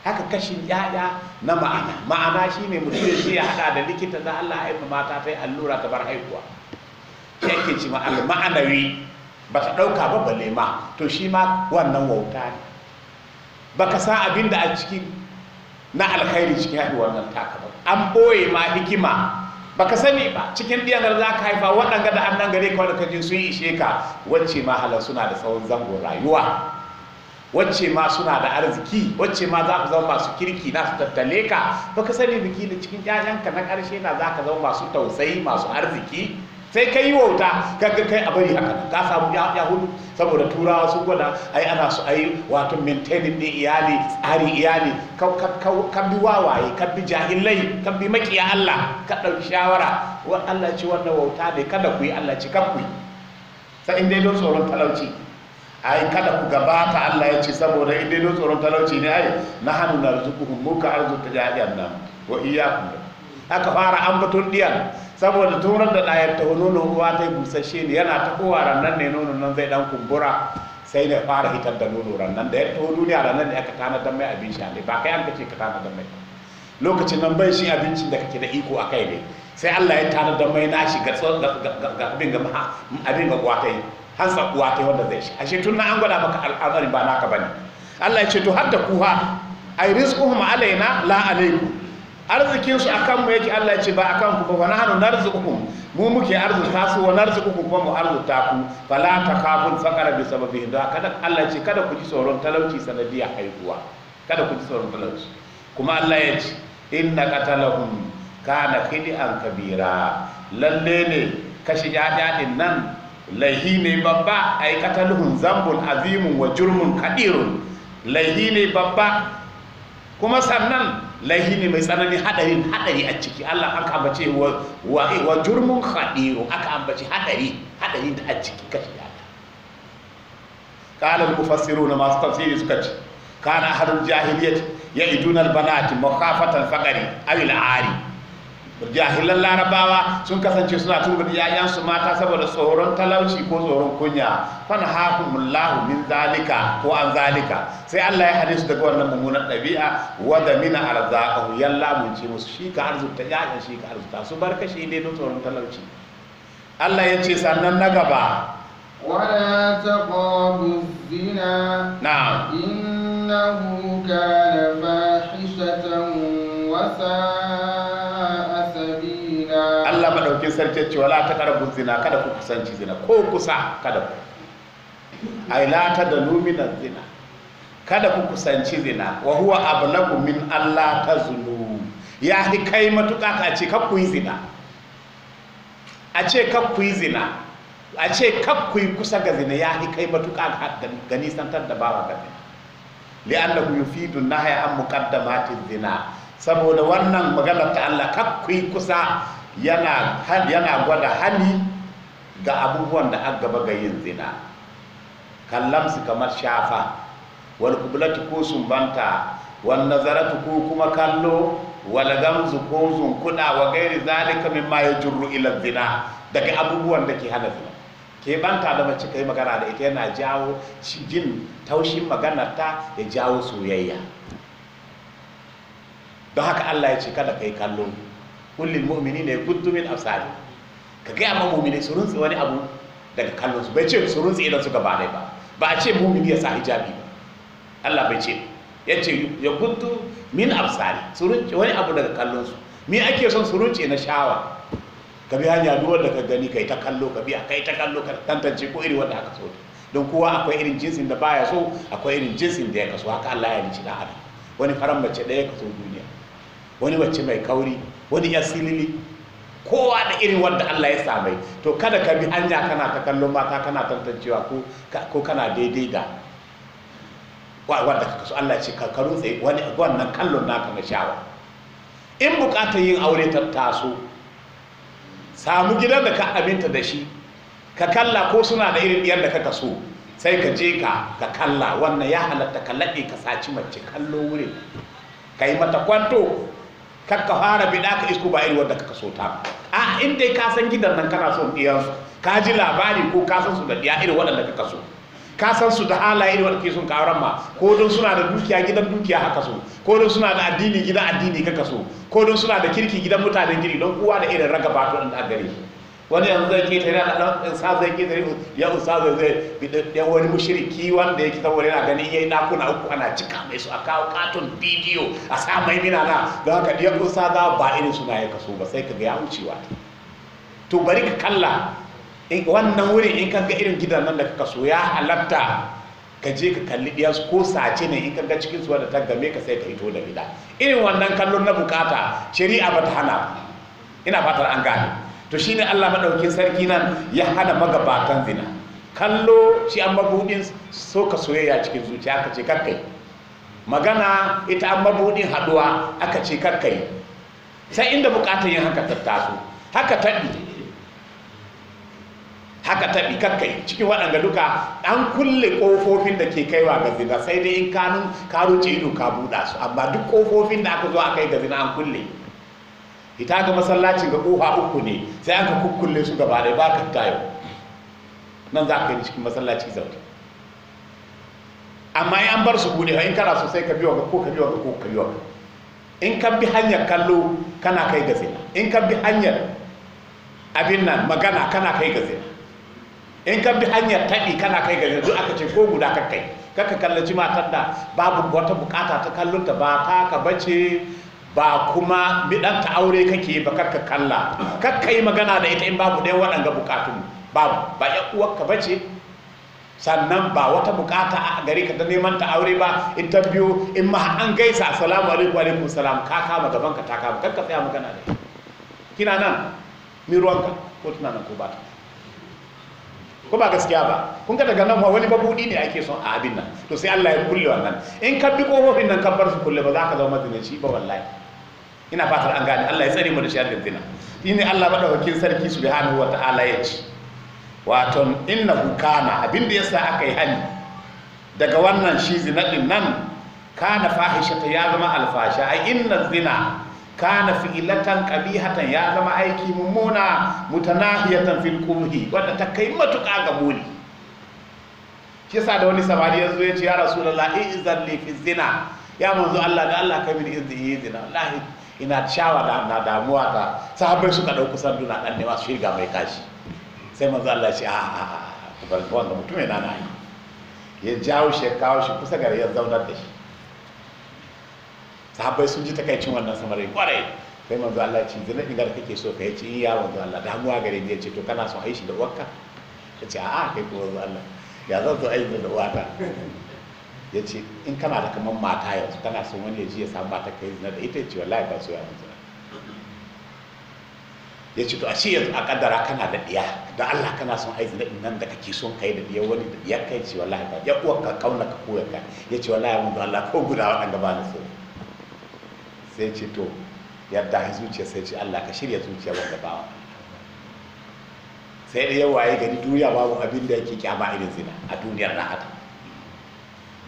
haka kashi ya'ya na ma'ana ma'ana shine mutum ya ji ya hada da likita da Allah ya haifa mata ta yi allura ta bar haihuwa yake ci ma alma'anawi ba ta dauka ba balle ma to shi ma wannan wauta ne baka san abin da a ciki na alkhairi cikin haihuwar nan taka ba an ɓoye ma hikima baka sani ba cikin biyanar za ka haifa waɗanga da annan gare ka wanda kaji sun ishe ka wacce ma halar suna da tsawon zango rayuwa wacce ma suna da arziki wacce ma za ku zama masu kirki na su tattale ka baka sani biki da cikin 'ya'yanka na ƙarshe na za ka zama masu tausayi masu arziki sai ka yi wauta ga kai a bari haka ka samu ya hudu saboda turawa su gwada ai ana su ayi wato maintaining din iyali tsari iyali ka bi wawaye ka bi jahilai ka bi makiya Allah ka ɗauki shawara wa Allah ci wannan wauta ne kada ku yi Allah ci kan ku yi sai in dai don tsoron talauci ai kada ku gabata Allah ya ce saboda in dai don tsoron talauci ne ai na hannu na rizukuhum muka arzuta jahiyan nan wa iyyakum aka fara ambaton diyan saboda turar da ɗayar ta nuna ruwa ta busasshe ne yana ta kowa rannan ne nuna nan zai dan kumbura sai ne fara hitar da nono rannan da ya taho duniya rannan ne aka tanadar mai abin sha ne ba kai an kace ka tana mai lokacin nan bai shi abincin da kake da iko a kai ne sai Allah ya tanadar mai nashi ga abin ga abin ga kwatai hansa kwatai wanda zai shi ashe tun na an gwada maka al'amari ba naka bane Allah ya ce to har da kuha ai rizquhum alaina la alaikum arzikinsu a kanmu yake Allah ce ba a kanku ba wani hannu narzukukum mu muke arzuta su wa narzukukum kuma mu arzuta ku fala ta kafin fakara bi sababi da kada Allah ce kada ku ji tsoron talauci sanadiyar haihuwa kada ku ji tsoron talauci kuma Allah ya ce inna qatalahum kana an kabira lalle ne kashi ya'ya nan laihi ne babba yi qataluhum zambun azimun wa jurmun kadirun laihi ne babba kuma sannan laihi ne mai tsananin hadarin hadari a ciki Allah aka ambace wa wa jurmun khadiru aka ambace hadari hadari da a ciki kashi ya qala al na masu tafsiri suka ce kana hadul jahiliyyah ya al-banati makhafatan faqari aw ari jahilan larabawa sun kasance suna tubar yayansu mata saboda tsoron talauci ko tsoron kunya fana mullahu min zalika ko an zalika sai Allah ya hadisu su daga wannan mummunan ɗabi'a wadda mina a yalla mun ce musu shi ka arzuta yayan shi ka arzuta su barka shi ne don tsoron talauci Allah ya ce sannan na gaba wala taqrabu zina na'am innahu kana fahishatan wa madaukakin sarki wala ta karabu zina kada ku kusanci zina ko kusa kada ku ai la ta da lumina zina kada ku kusanci zina wa huwa abnaku min Allah ta zulu ya hi kai matuƙa ka ce kar ku yi zina a ce kar ku yi zina a ce kar ku yi kusa ga zina ya hi kai matuƙa ga santar da bawa ga zina li'annahu yufidu nahya an muqaddamatin zina saboda wannan maganar ta Allah kar ku yi kusa yana gwada hali ga abubuwan da aka gaba ga yin zina su kamar shafa Wani kubulatu ko sumbanta Wani nazaratu ko kuma kallo Wani gamzu ko zunkuda wa gairi zalika min ya jirru ila zina daga abubuwan da ke hana zina ke banta da mace kai magana da ita yana jawo jin taushin maganar ta ya jawo soyayya don haka Allah ya ce kada kai kallo mu'mini ne kuttu min absarihim ka ga amma mu'mini su runtsi wani abu daga kallon su bai ce su runtsi idan ba dai ba ba a ce mu'mini ya sa hijabi ba Allah bai ce ya ce ya kuttu min absari su runtsi wani abu daga kallon su me ake son su runtsi na shawa ka bi hanya duk wanda ka gani kai ta kallo ka bi kai ta kallo ka tantance ko iri wanda aka so don kowa akwai irin jinsin da baya so akwai irin jinsin da ya kaso haka Allah ya rici da adam wani faran mace ɗaya kaso duniya wani wacce mai kauri wani ya silili kowa da irin wanda Allah ya samai to kada ka bi hanya kana ta kallon mata kana tantancewa ko kana daidai da wanda ka kasu Allah ce ka rutse wannan kallon naka na shawa in bukatar yin aure ta taso samu gidan da ka aminta da shi ka kalla ko suna da irin yadda da kaka so sai ka je ka ka kalla wannan ya halatta ka laɗe ka saci mace kallo wurin ka yi mata kwanto kakka fara bida ka isko ba iri wanda kaka so ta a in dai ka san gidan nan kana son iya. ka ji labari ko ka san su da diya irin waɗanda kaka so ka san su da halaye irin wanda ke son ka ma ko don suna da dukiya gidan dukiya haka so ko don suna da addini gidan addini kaka so ko don suna da kirki gidan mutanen giri don uwa da irin ragaba to a gare shi wani yanzu zai kita yana da dan sa zai tare ya usa zai zai bidan wani mushriki wanda yake saboda yana ganin yayi dakuna uku ana cika mai su a kawo katon bidiyo a sa mai mina na da ka ya usa za ba irin suna ya kaso ba sai ka ga ya wucewa to bari ka kalla wannan wurin in kan ga irin gidan nan da ka kaso ya halatta ka je ka kalli ɗiyarsu ko sace ne in ga cikin su wanda ta game ka sai ka hito da gida irin wannan kallon na bukata shari'a ba ta hana ina fatar an gane to shi ne Allah maɗaukin sarki nan ya hana magabatan zina kallo shi an mabudin ka soyayya cikin zuciya aka ce kakkai magana ita an mabudin haɗuwa aka ce kakkai sai inda buƙatar yin haka tattaso haka taɗi haka taɓi kakkai cikin waɗanda duka an kulle ƙofofin da ke kaiwa ga zina sai dai in kanun ka ido ka buɗa su amma duk ƙofofin da aka zo aka yi ga zina an kulle ita ga masallacin ga ƙofa uku ne sai aka kukkulle su gaba da ba ka tayo nan za ka yi cikin masallaci zaune amma yi an bar su buɗe in kana so sai ka biyo ka ko ka biyo ka ko ka biyo ka in ka bi hanyar kallo kana kai gaze in ka bi hanyar abin nan magana kana kai gaze in ka bi hanyar taɗi kana kai gaze duk aka ce ko guda ka kai kaka kallaci matar da babu wata bukata ta kallon ta ba ta ka bace ba kuma midanta aure kake ba karka kalla kakkai magana da ita in babu ɗaya waɗanga bukatun babu ba ya uwarka ba ce sannan ba wata bukata a gari ka ta neman ta aure ba in ta biyo in ma an gaisa assalamu alaikum wa alaikum salam ka kama gaban ka ta kama karka tsaya magana da ita kina nan mi ruwanka ko tana nan ko ba ta ko ba gaskiya ba kun ka daga nan ma wani babudi ne ake son a abin nan to sai Allah ya kulle wannan in ka bi kofofin nan ka bar su kulle ba za ka zama madinaci ba wallahi ina fatar an gane Allah ya tsare mu da zina. fitna ne Allah madaukakin sarki subhanahu wata'ala ya ce waton inna kana abinda sa aka yi hani daga wannan shi din nan kana fahishata ya zama alfasha ai inna zina kana fi'ilatan qabihatan ya zama aiki mummuna mutanahiyatan fil qubhi wanda ta kai matuka ga muni shi yasa da wani samari ya zo ya ce ya rasulullah izan fi zina ya manzo Allah da Allah kai min izni zina ina shawa da na damuwa ta sahabbai suka ɗauki na dan ne su shirga mai kashi sai manzo Allah ce a ah, a ah, a ah, bar wanda mutum yana na yi ya jawo shi kawo shi kusa gare ya zaunar da shi sahabbai sun ji takaicin wannan samarai kwarai sai manzo Allah ce zina da kake so ka yace ya manzo Allah damuwa gare ni yace to kana so aishi da uwarka ta ce a a kai ko manzo Allah ya zan to aishi da uwata ya ce in kana da kamar mata yanzu kana son wani ya ji ya samu mata kai zina da ita ce wallahi ba su ya mun zina ya ce to ashe yanzu a kaddara kana da diya da Allah kana son aiki zina nan da kake son kai da diya wani da diya kai ce wallahi ba ya uwa ka kauna ka koyar ka ya ce wallahi mun da Allah ko guda waɗanda ba na so sai ce to yadda ya zuciya sai ce Allah ka shirya zuciya wanda ba wa sai da yawa ya gani duniya babu abin da yake kyama irin zina a duniyar na haka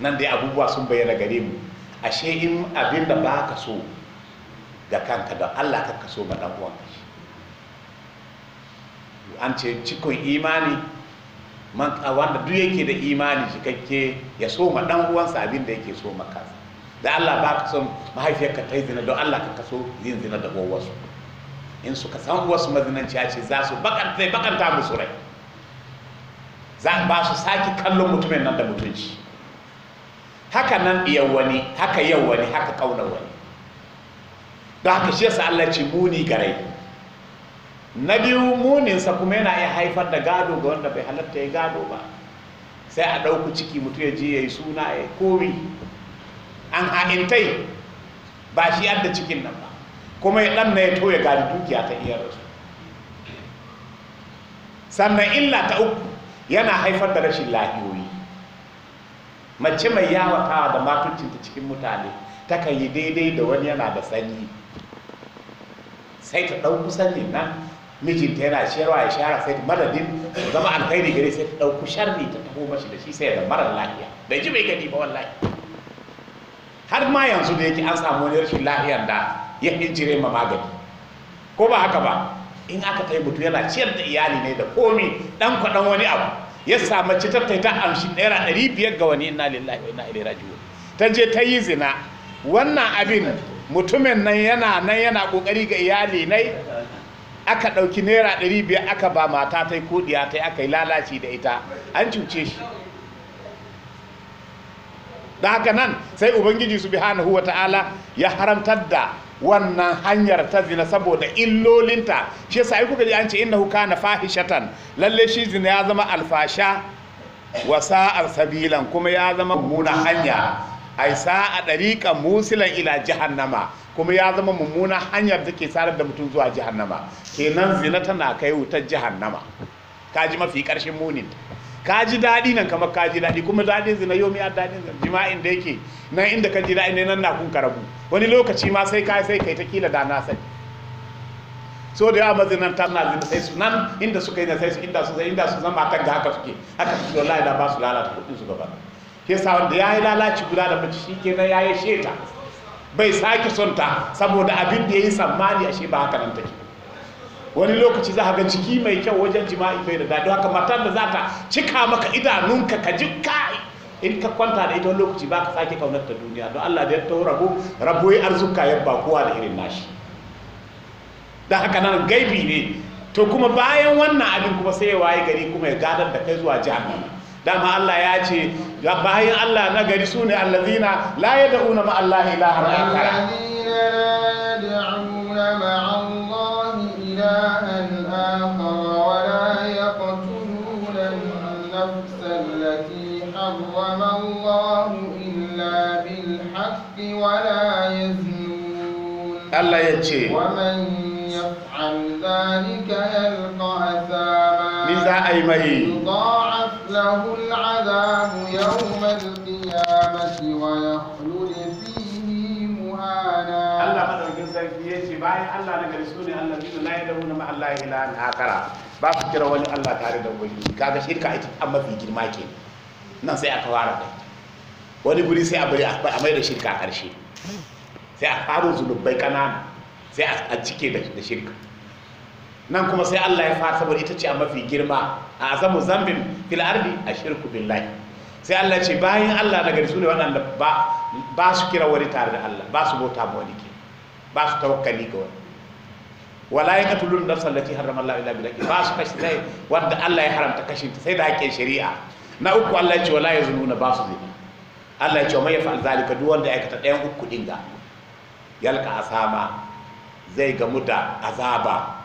nan dai abubuwa sun bayyana gare mu ashe in abin da ba ka so da kanka don allah ka so ma dan uwanka an ce cikon imani man wanda duk yake da imani cikakke ya so ma dan uwansa abin da yake so maka da Allah ba ka son mahaifiyarka ta yi zina don Allah ka kaso yin zina da wasu in suka san wasu mazinanci a ce za su bakanta musu rai za ba su sake kallon mutumin nan da mutunci haka nan ɗiyan wani haka yau wani haka kauna wani da haka shi yasa Allah ce muni garai na biyu muninsa kuma yana iya haifar da gado ga wanda bai halatta ya gado ba sai a ɗauku ciki mutum ya je ya yi suna ya komi an ha'intai ba shi yadda cikin nan ba kuma ya ɗan na ya to ya gadi dukiya ta iya rasu sannan illa ta uku yana haifar da rashin lahiyo mace mai yawatawa da matuncinta cikin mutane takan yi daidai da wani yana da sanyi sai ta ɗau kusannin nan mijinta yana shayarwa ya shara sai ta madadin zama alkhairi gare sai ta ɗauku sharri ta taho mashi da shi sai da marar lafiya bai ji bai gani ba wallahi har ma yanzu da yake an samu wani rashin lafiyar da ya injire ma magani ko ba haka ba in aka kai mutu yana ciyar da iyali ne da komi ɗan kwaɗan wani abu ya samu ci tattai ta amshi naira ɗari biyar ga wani ina lillahi wa ina ilaihi raji'un ta je ta yi zina wannan abin mutumin nan yana nan yana kokari ga iyali nai aka ɗauki naira ɗari biyar aka ba mata ta ko kodiya ta aka yi lalaci da ita an cuce shi da haka nan sai ubangiji subhanahu wa ta'ala ya haramtar da wannan hanyar ta zina saboda illolinta shi yasa ai kuka ji an ce na kana fahishatan lalle shi zina ya zama alfasha wa sa'ar sabilan kuma ya zama mummuna hanya A yi sa'a dariqan musilan ila nama. kuma ya zama mummuna hanyar da ke sarar da mutum zuwa nama. kenan zina tana kai wutar ta ji mafi karshen muninta ka ji daɗi nan kamar ka ji daɗi kuma daɗin zina yomi a daɗin zina jima'in da yake nan inda ka ji daɗi ne nan na kun karabu wani lokaci ma sai ka sai kai ta kila da na sai so da yawa mazinan na zina sai su nan inda suka yi na sai su inda su zai inda su zama kan ga haka suke haka su wallahi da ba su lalata kudin su gaba ke sa wanda ya yi lalaci guda da mace shi nan ya yi sheta bai sake son ta saboda abin da ya yi tsammani ashe ba haka nan take wani lokaci za ga ciki mai kyau wajen jima'i bai da daɗi haka matar da za ka cika maka idanunka ka ji kai in ka kwanta da ita wani lokaci ba ka sake kaunar ta duniya don Allah da ya taho rabo rabu, ya arzuka ya ba kowa da irin nashi da haka nan gaibi ne to kuma bayan wannan abin kuma sai ya waye gari kuma ya gadar da kai zuwa jami'a dama Allah ya ce bayan Allah na gari su ne allazina la yad'una ma Allah ilahan akara حرم الله إلا بالحق ولا يزنون الله يجي ومن يفعل ذلك يلقى أثاما من ذا أي مهي يضاعف له العذاب يوم القيامة ويخلد فيه مهانا الله قد رجل يجي باين الله نقل سوني الله لا يدعون مع الله إلها آخر ba su kira wani Allah tare da ubangiji kaga shirka ita an mafi girma kenan nan sai aka fara da wani guri sai a bari a mai da shirka a ƙarshe sai a faro zunubai ƙanana sai a cike da shirka nan kuma sai Allah ya fara saboda ita ce a mafi girma a azamu zambin fil ardi a shirku billahi sai Allah ce bayan Allah daga su ne waɗanda ba su kira wani tare da Allah ba su bauta ma wani ke ba su tawakkali ga wani wala ya katulun nafsan lati harrama Allah illa bil ba su kashi sai wanda Allah ya haramta kashin ta sai da hakkin shari'a na uku Allah ya ce wala nuna ba su zai Allah ya ce mai fa'al zalika duk wanda aikata ɗayan uku din ga yalka asama zai gamu da azaba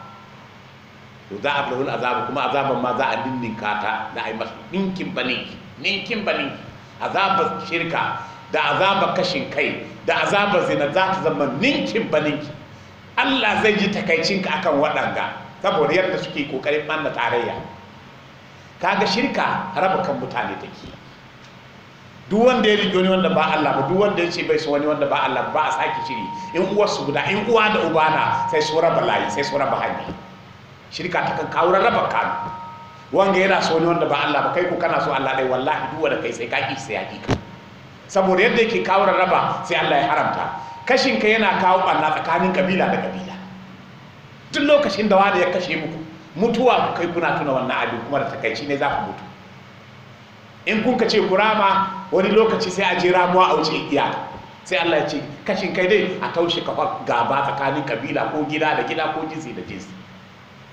to za a fulhul azaba kuma azaban ma za a ninninka ta da a yi masa ninkin baninki ninkin baninki azabar shirka da azaba kashin kai da azaba zina za ta zama ninkin baninki Allah zai yi takaicinka akan waɗanga saboda yadda suke ƙoƙarin ɓanna tarayya kaga shirka raba kan mutane take duk wanda ya rige doni wanda ba Allah ba duk wanda ya ce bai su wani wanda ba Allah ba a sake shiri in uwar su guda in uwa da uba na sai su raba layi sai su raba hanya shirka ta kan kawo raba kan wanda yana so wani wanda ba Allah ba kai ko kana so Allah dai wallahi duk wanda kai sai ka ki sai hakika saboda yadda yake kawo raba sai Allah ya haramta kashin ka yana kawo banna tsakanin kabila da kabila duk lokacin da wani ya kashe muku mutuwa ku kai kuna tuna wannan abin kuma da takaici ne za ku mutu in kun ka ce kurama wani lokaci sai a je ramuwa a wuce iya sai Allah ya ce kashin kai dai a taushe kafa gaba tsakanin kabila ko gida da gida ko jinsi da jinsi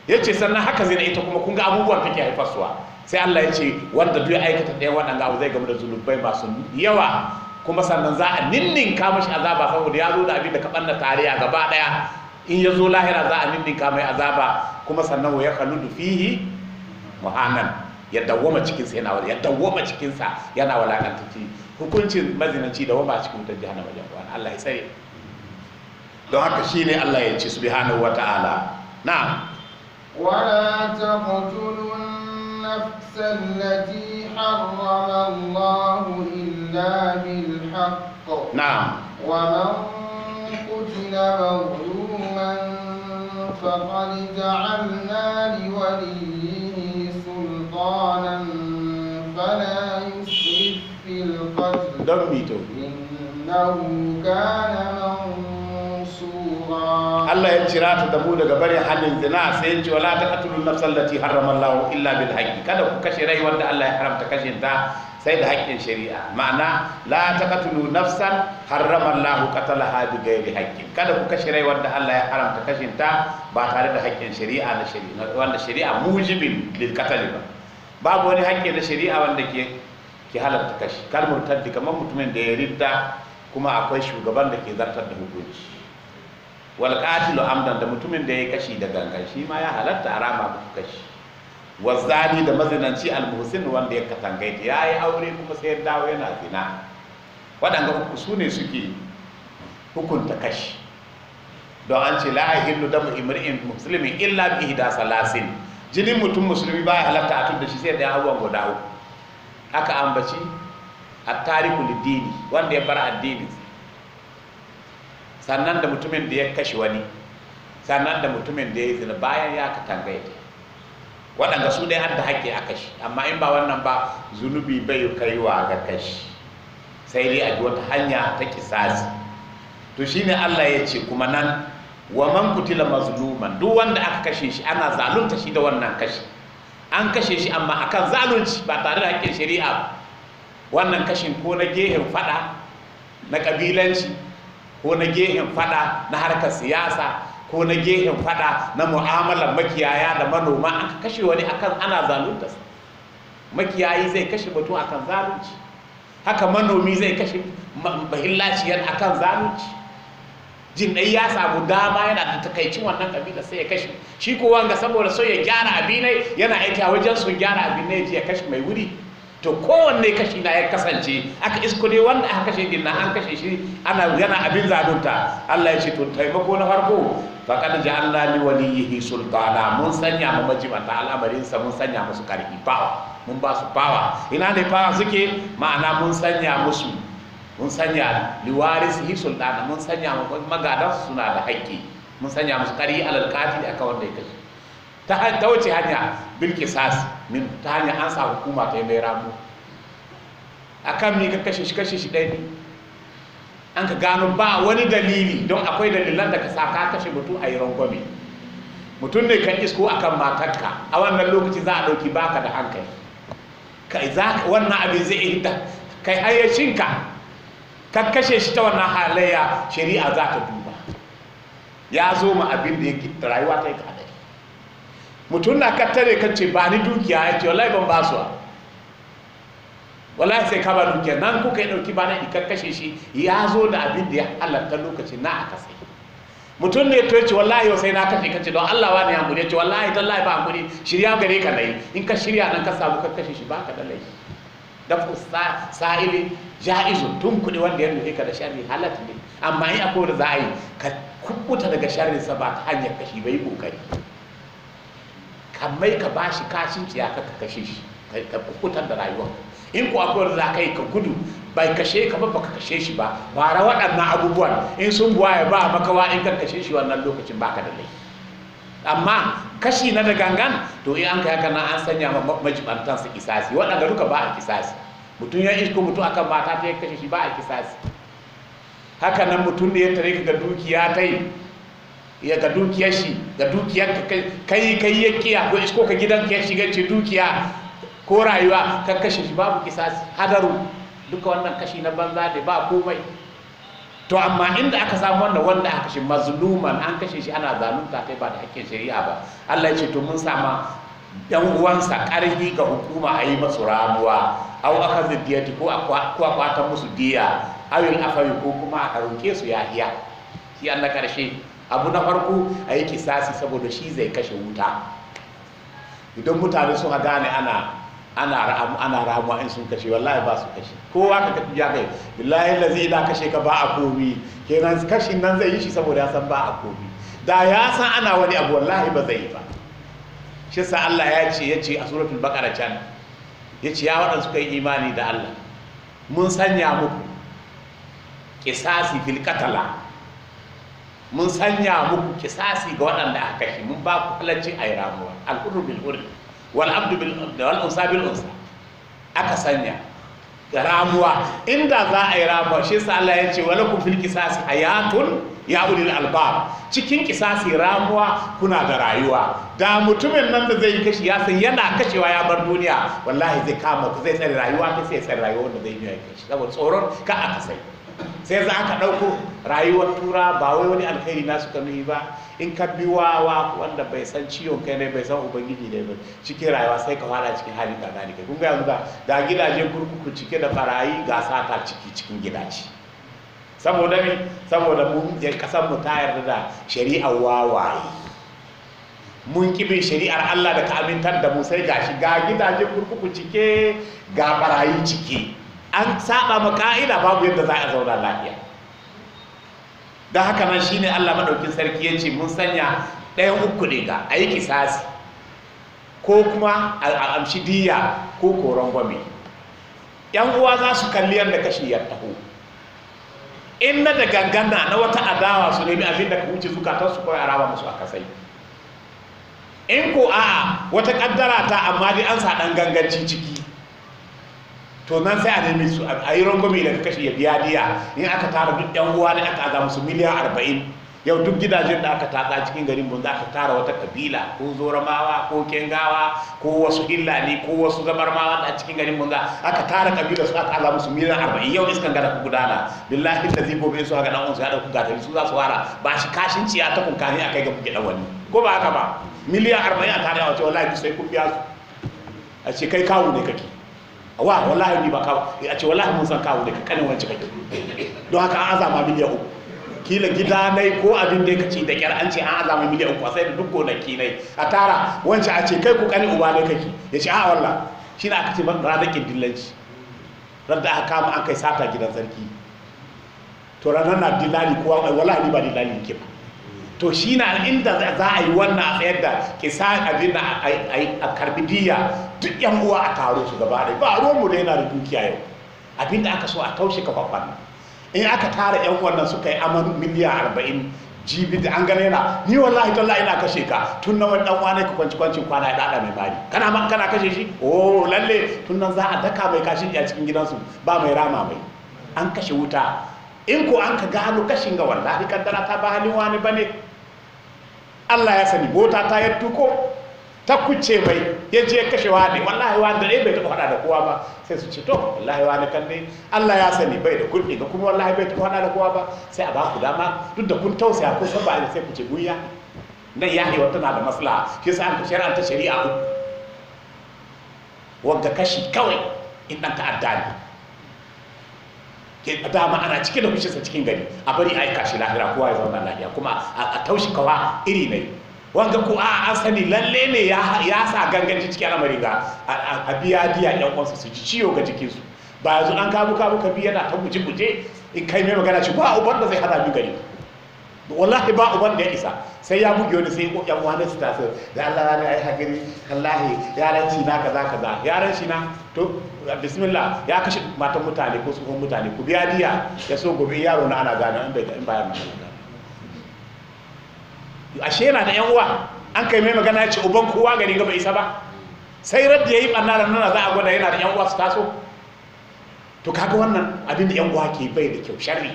ya ce sannan haka zina ita kuma kun ga abubuwan kake haifarsuwa sai Allah ya ce wanda duk aikata ɗaya waɗanda abu zai gamu da zunubai masu yawa kuma sannan za a ninninka mashi azaba saboda ya zo da abin da ka ɓanna tare a gaba ɗaya in ya zo lahira za a ninninka mai azaba kuma sannan wa ya kaludu fihi muhanan ya dawwama cikinsa yana ya dawwama cikinsa yana tafi hukuncin mazinaci da wama cikin wutar jahannama jahannama Allah ya tsare don haka shine Allah ya ce subhanahu wata'ala na'am ولا تقتلوا النفس Allah illa الله إلا بالحق نعم ومن قتل مظلوما فقد جعلنا لوليه سلطانا فلا يسرف في القتل إنه كان cira ta يجرى تدبو daga barin hannun zina sai yace wala taqtulun na sallaci haramar Allah illa bil haqq kada ku kashe rai wanda Allah ya haramta kashe ta sai da haƙƙin shari'a ma'ana la taqtulu nafsan harrama Allah qatalaha bi ghairi haqqin kada ku kashe rai wanda Allah ya haramta kashin ta ba tare da haƙƙin shari'a na shari'a wanda shari'a mujibin lil qatl ba babu wani haƙƙi na shari'a wanda ke ke halatta kashi kalmar taddi kamar mutumin da ya ridda kuma akwai shugaban da ke zartar da hukunci wal qatilu amdan da mutumin da ya kashi da gangan shi ma ya halatta arama ku kashi wazani da mazinanci almuhsin wanda ya katangaita ya yi aure kuma sai ya dawo yana zina waɗanda uku su ne suke hukunta kashi don an ce hindu da mu'imirin muslimin illa bi ihda salasin jinin mutum musulmi ba ya halatta a tun da shi sai da abuwan guda uku aka ambaci a tariku dini wanda ya bar addini sannan da mutumin da ya kashe wani sannan da mutumin da ya yi zina bayan ya katangaita waɗanda su dai hadda haƙƙi a kashi amma in ba wannan ba zunubi bai kaiwa ga kashi sai dai a ji wata hanya ta kisasi to shi ne Allah ya ce kuma nan wa man kutila mazluman duk wanda aka kashe shi ana zalunta shi da wannan kashi an kashe shi amma akan zalunci ba tare da haƙƙin shari'a wannan kashin ko na gehen fada na ƙabilanci ko na gehen fada na harkar siyasa ko na gehen fada na mu'amalar makiyaya da manoma aka kashe wani akan ana zalunta makiyayi zai kashe batu akan zalunci haka manomi zai kashe bahillaciyar akan zalunci jin dai ya samu dama yana da takaicin wannan kabila sai ya kashe shi ko wanga saboda so ya gyara abinai yana aika wajen su gyara abinai ya kashe mai wuri to kowanne kashi na ya kasance aka isko ne wanda aka kashe din an kashe shi ana yana abin zalunta Allah ya ce to taimako na farko faqad ja'alna li waliyhi sultana mun sanya mu majibanta al'amarin sa mun sanya musu karfi bawa mun ba su bawa ina ne bawa suke ma'ana mun sanya musu mun sanya liwaris hi sultana mun sanya magadan suna da haƙƙi mun sanya musu kari alal qatil aka wanda ya kashe ta ta wace hanya bil qisas min ta hanya an sa hukuma ta mai ramu akan mi ka kashe shi kashe shi dai an ka gano ba wani dalili don akwai dalilan da ka sa ka kashe mutu a yi rangwame mutum ne kan isko akan matarka a wannan lokaci za a ɗauki baka da hankali kai za wannan abin zai inda kai hayyacinka ka kashe shi ta wannan halayya shari'a za ta duba ya zo ma abin da ya rayuwa ta yi mutum na kattare kan ce ba ni dukiya ya ce wallahi ban basuwa wallahi sai ka ba dukiya nan kuka yi ɗauki bana ikar kashe shi ya zo da abin da ya halatta lokaci na a kasai mutum ne to ya ce wallahi yau sai na kashe kace don Allah wa ne ya hankuri ya ce wallahi tallahi ba hankuri shirya gare ka nayi in ka shirya nan ka samu ka kashe shi ba ka da laifi sa'ili ja'izun tun kuɗi wanda ya nufi ka da sharri halatta ne amma in akwai da za a yi ka kubuta daga sharrinsa ba ta hanyar kashi bai kokari mai ka bashi kashin tsiya ka kashe shi ka kutar da rayuwa in ku akwai za ka yi ka gudu bai kashe ka ba baka kashe shi ba bara waɗannan abubuwan in sun buwaye ba makawa in ka kashe shi wannan lokacin baka da laifi amma kashi na da gangan to in an kai haka an sanya ma majibantan su kisasi waɗanda duka ba a kisasi mutum ya isko mutum akan mata ta ya kashe shi ba a kisasi haka nan mutum da ya tare ka ga dukiya ta yi ya ga dukiyar shi ga dukiyar kai kai ya ko ka gidan ka shiga ce dukiya ko rayuwa ka kashe shi babu kisasi hadaru duka wannan kashi na banza da ba komai to amma inda aka samu wannan wanda aka kashe mazluman an kashe shi ana zalunta kai ba da hakkin shari'a ba Allah ya ce to mun sama dan uwansa karfi ga hukuma ayi yi masu ramuwa au aka zidiyati ko akwa kwata musu diya awil afawi ko kuma a roke su yahiya shi Allah karshe abu na farko a yi kisasi saboda shi zai kashe wuta idan mutane sun gane ana ana ana in sun kashe wallahi ba su kashe kowa ka tafi ya kai billahi lazi ina kashe ka ba a komi kenan kashin nan zai yi shi saboda ya san ba a komi da ya san ana wani abu wallahi ba zai yi ba shi sa Allah ya ce ya ce a suratul baqara can ya ce ya waɗanda suka yi imani da Allah mun sanya muku kisasi fil qatala mun sanya muku kisasi ga waɗanda aka kashe mun ba ku halarci a yi ramuwa al'urru bil urri wal abdu bil wal unsa bil unsa aka sanya ga ramuwa inda za a yi ramuwa shi yasa Allah ya ce walakum fil kisasi hayatun ya ulil albab cikin kisasi ramuwa kuna da rayuwa da mutumin nan da zai yi kashi ya san yana kashewa ya bar duniya wallahi zai kama zai tsare rayuwa kai sai tsare rayuwa wanda zai yi kashi saboda tsoron ka aka sai sai za ka ɗauko rayuwar tura ba wai wani alkhairi na suka nuhi ba in ka bi wawa wanda bai san ciwon kai ne bai san ubangiji ne ba cikin rayuwa sai ka fara cikin halin ka gani kai kun ga yanzu da gidaje kurkuku cike da barayi ga sata ciki cikin gidaje saboda ni saboda mu ya eh, kasan mu ta yarda da shari'ar wawaye mun kibin shari'ar Allah da ka amintar da mu sai gashi ga gidaje kurkuku cike ga barayi cike an saba ma ka'ida babu yadda za a zauna lafiya don haka nan shine Allah maɗaukin sarki ya ce mun sanya ɗayan uku ne ga a yi kisasi ko kuma al'amshi diya ko koron gwami yan uwa za su kalli yadda kashi ya taho in na da gangana na wata adawa su nemi abin da ka wuce ta su kawai a raba musu a kasai in ko a'a wata kaddara ta amma dai an sa ɗan ganganci ciki to nan sai a nemi su a yi rangwame daga kashi ya biya diya in aka tara duk yan uwa ne aka aza musu miliyan arba'in yau duk gidajen da aka tatsa cikin garin mun aka tara wata kabila ko zoramawa ko kengawa ko wasu illani ko wasu zamar mawa a cikin garin mun aka tara kabila su aka aza musu miliyan arba'in yau iskan gada ku gudana billahi da zibo bai su haka dan uwansu ya dauku gata su za su wara ba shi kashin ciya ta kun a kai ga ku gida wani ko ba haka ba miliyan arba'in a tara a wace wallahi sai kun biya su a ce kai kawo ne kake wa wallahi ni ba kawo eh, a ce wallahi mun san kawo da kanin wancan kake don haka an azama miliyan uku kila gida nai ko abin da ya ce da kyar an ce an azama miliyan uku a sai da duk gonaki nai a tara wancan a ce kai ku kani uba ne kake ya ce a wallah shi ne aka ce ranar dillanci radda aka kama an kai sata gidan sarki to ranar na dillali kowa wallahi ni ba dillali ke ba to shi na inda za a yi wannan a tsayar da sa abin a diya duk yan uwa a taro su gaba da ba ruwan mu da yana da dukiya yau abin da aka so a taushe ka nan in aka tara yan uwan nan suka yi aman miliyan arba'in jibi da an gane yana ni wallahi tallahi ina kashe ka tun nan wani ɗan ka kwanci kwanci kwana ya dada mai bari kana kana kashe shi oh lalle tun nan za a daka mai kashin a cikin gidansu ba mai rama mai an kashe wuta in ko an ka gano kashin ga wallahi kaddara ta ba halin wani ne. Allah ya sani bota ta yi tuko ta kuce mai ya je kashe wani wallahi wani da bai taɓa faɗa da kowa ba sai su ce to wallahi wani kan dai Allah ya sani bai da kulki ga kuma wallahi bai taɓa faɗa da kowa ba sai a ba ku dama duk da kun tausaya ko san ba sai ku ce guya nan ya ne wata na da maslaha ke sa an shari'a ta shari'a wanga kashi kawai in ɗan ta'adda ne dama ana cike da kushinsa cikin gari a bari a aika shi lahira kowa ya zauna lahiya kuma a taushi kawa iri ne wanga ko a an sani lalle ne ya sa ganganci cikin al'amari ga a biya diya yan uwansa su ci ciwo ga jikinsu ba yanzu an kabu kabu ka biya na ta guje guje in kai mai magana shi ba uban da zai hada biyu gari wallahi ba uban da ya isa sai ya buge wani sai yan wani su tasir da Allah ya yi hagiri kallahi yaran shi na kaza kaza yaran shi na to bismillah ya kashe matan mutane ko tsohon mutane ku biya diya ya so gobe yaro na ana gane an bai in baya mai ashe yana da yan uwa an kai mai magana ya ce uban kowa gari ga bai isa ba sai radda yi ɓanna da nuna za a gwada yana da yan uwa su taso to kaga wannan abin da yan uwa ke bai da kyau sharri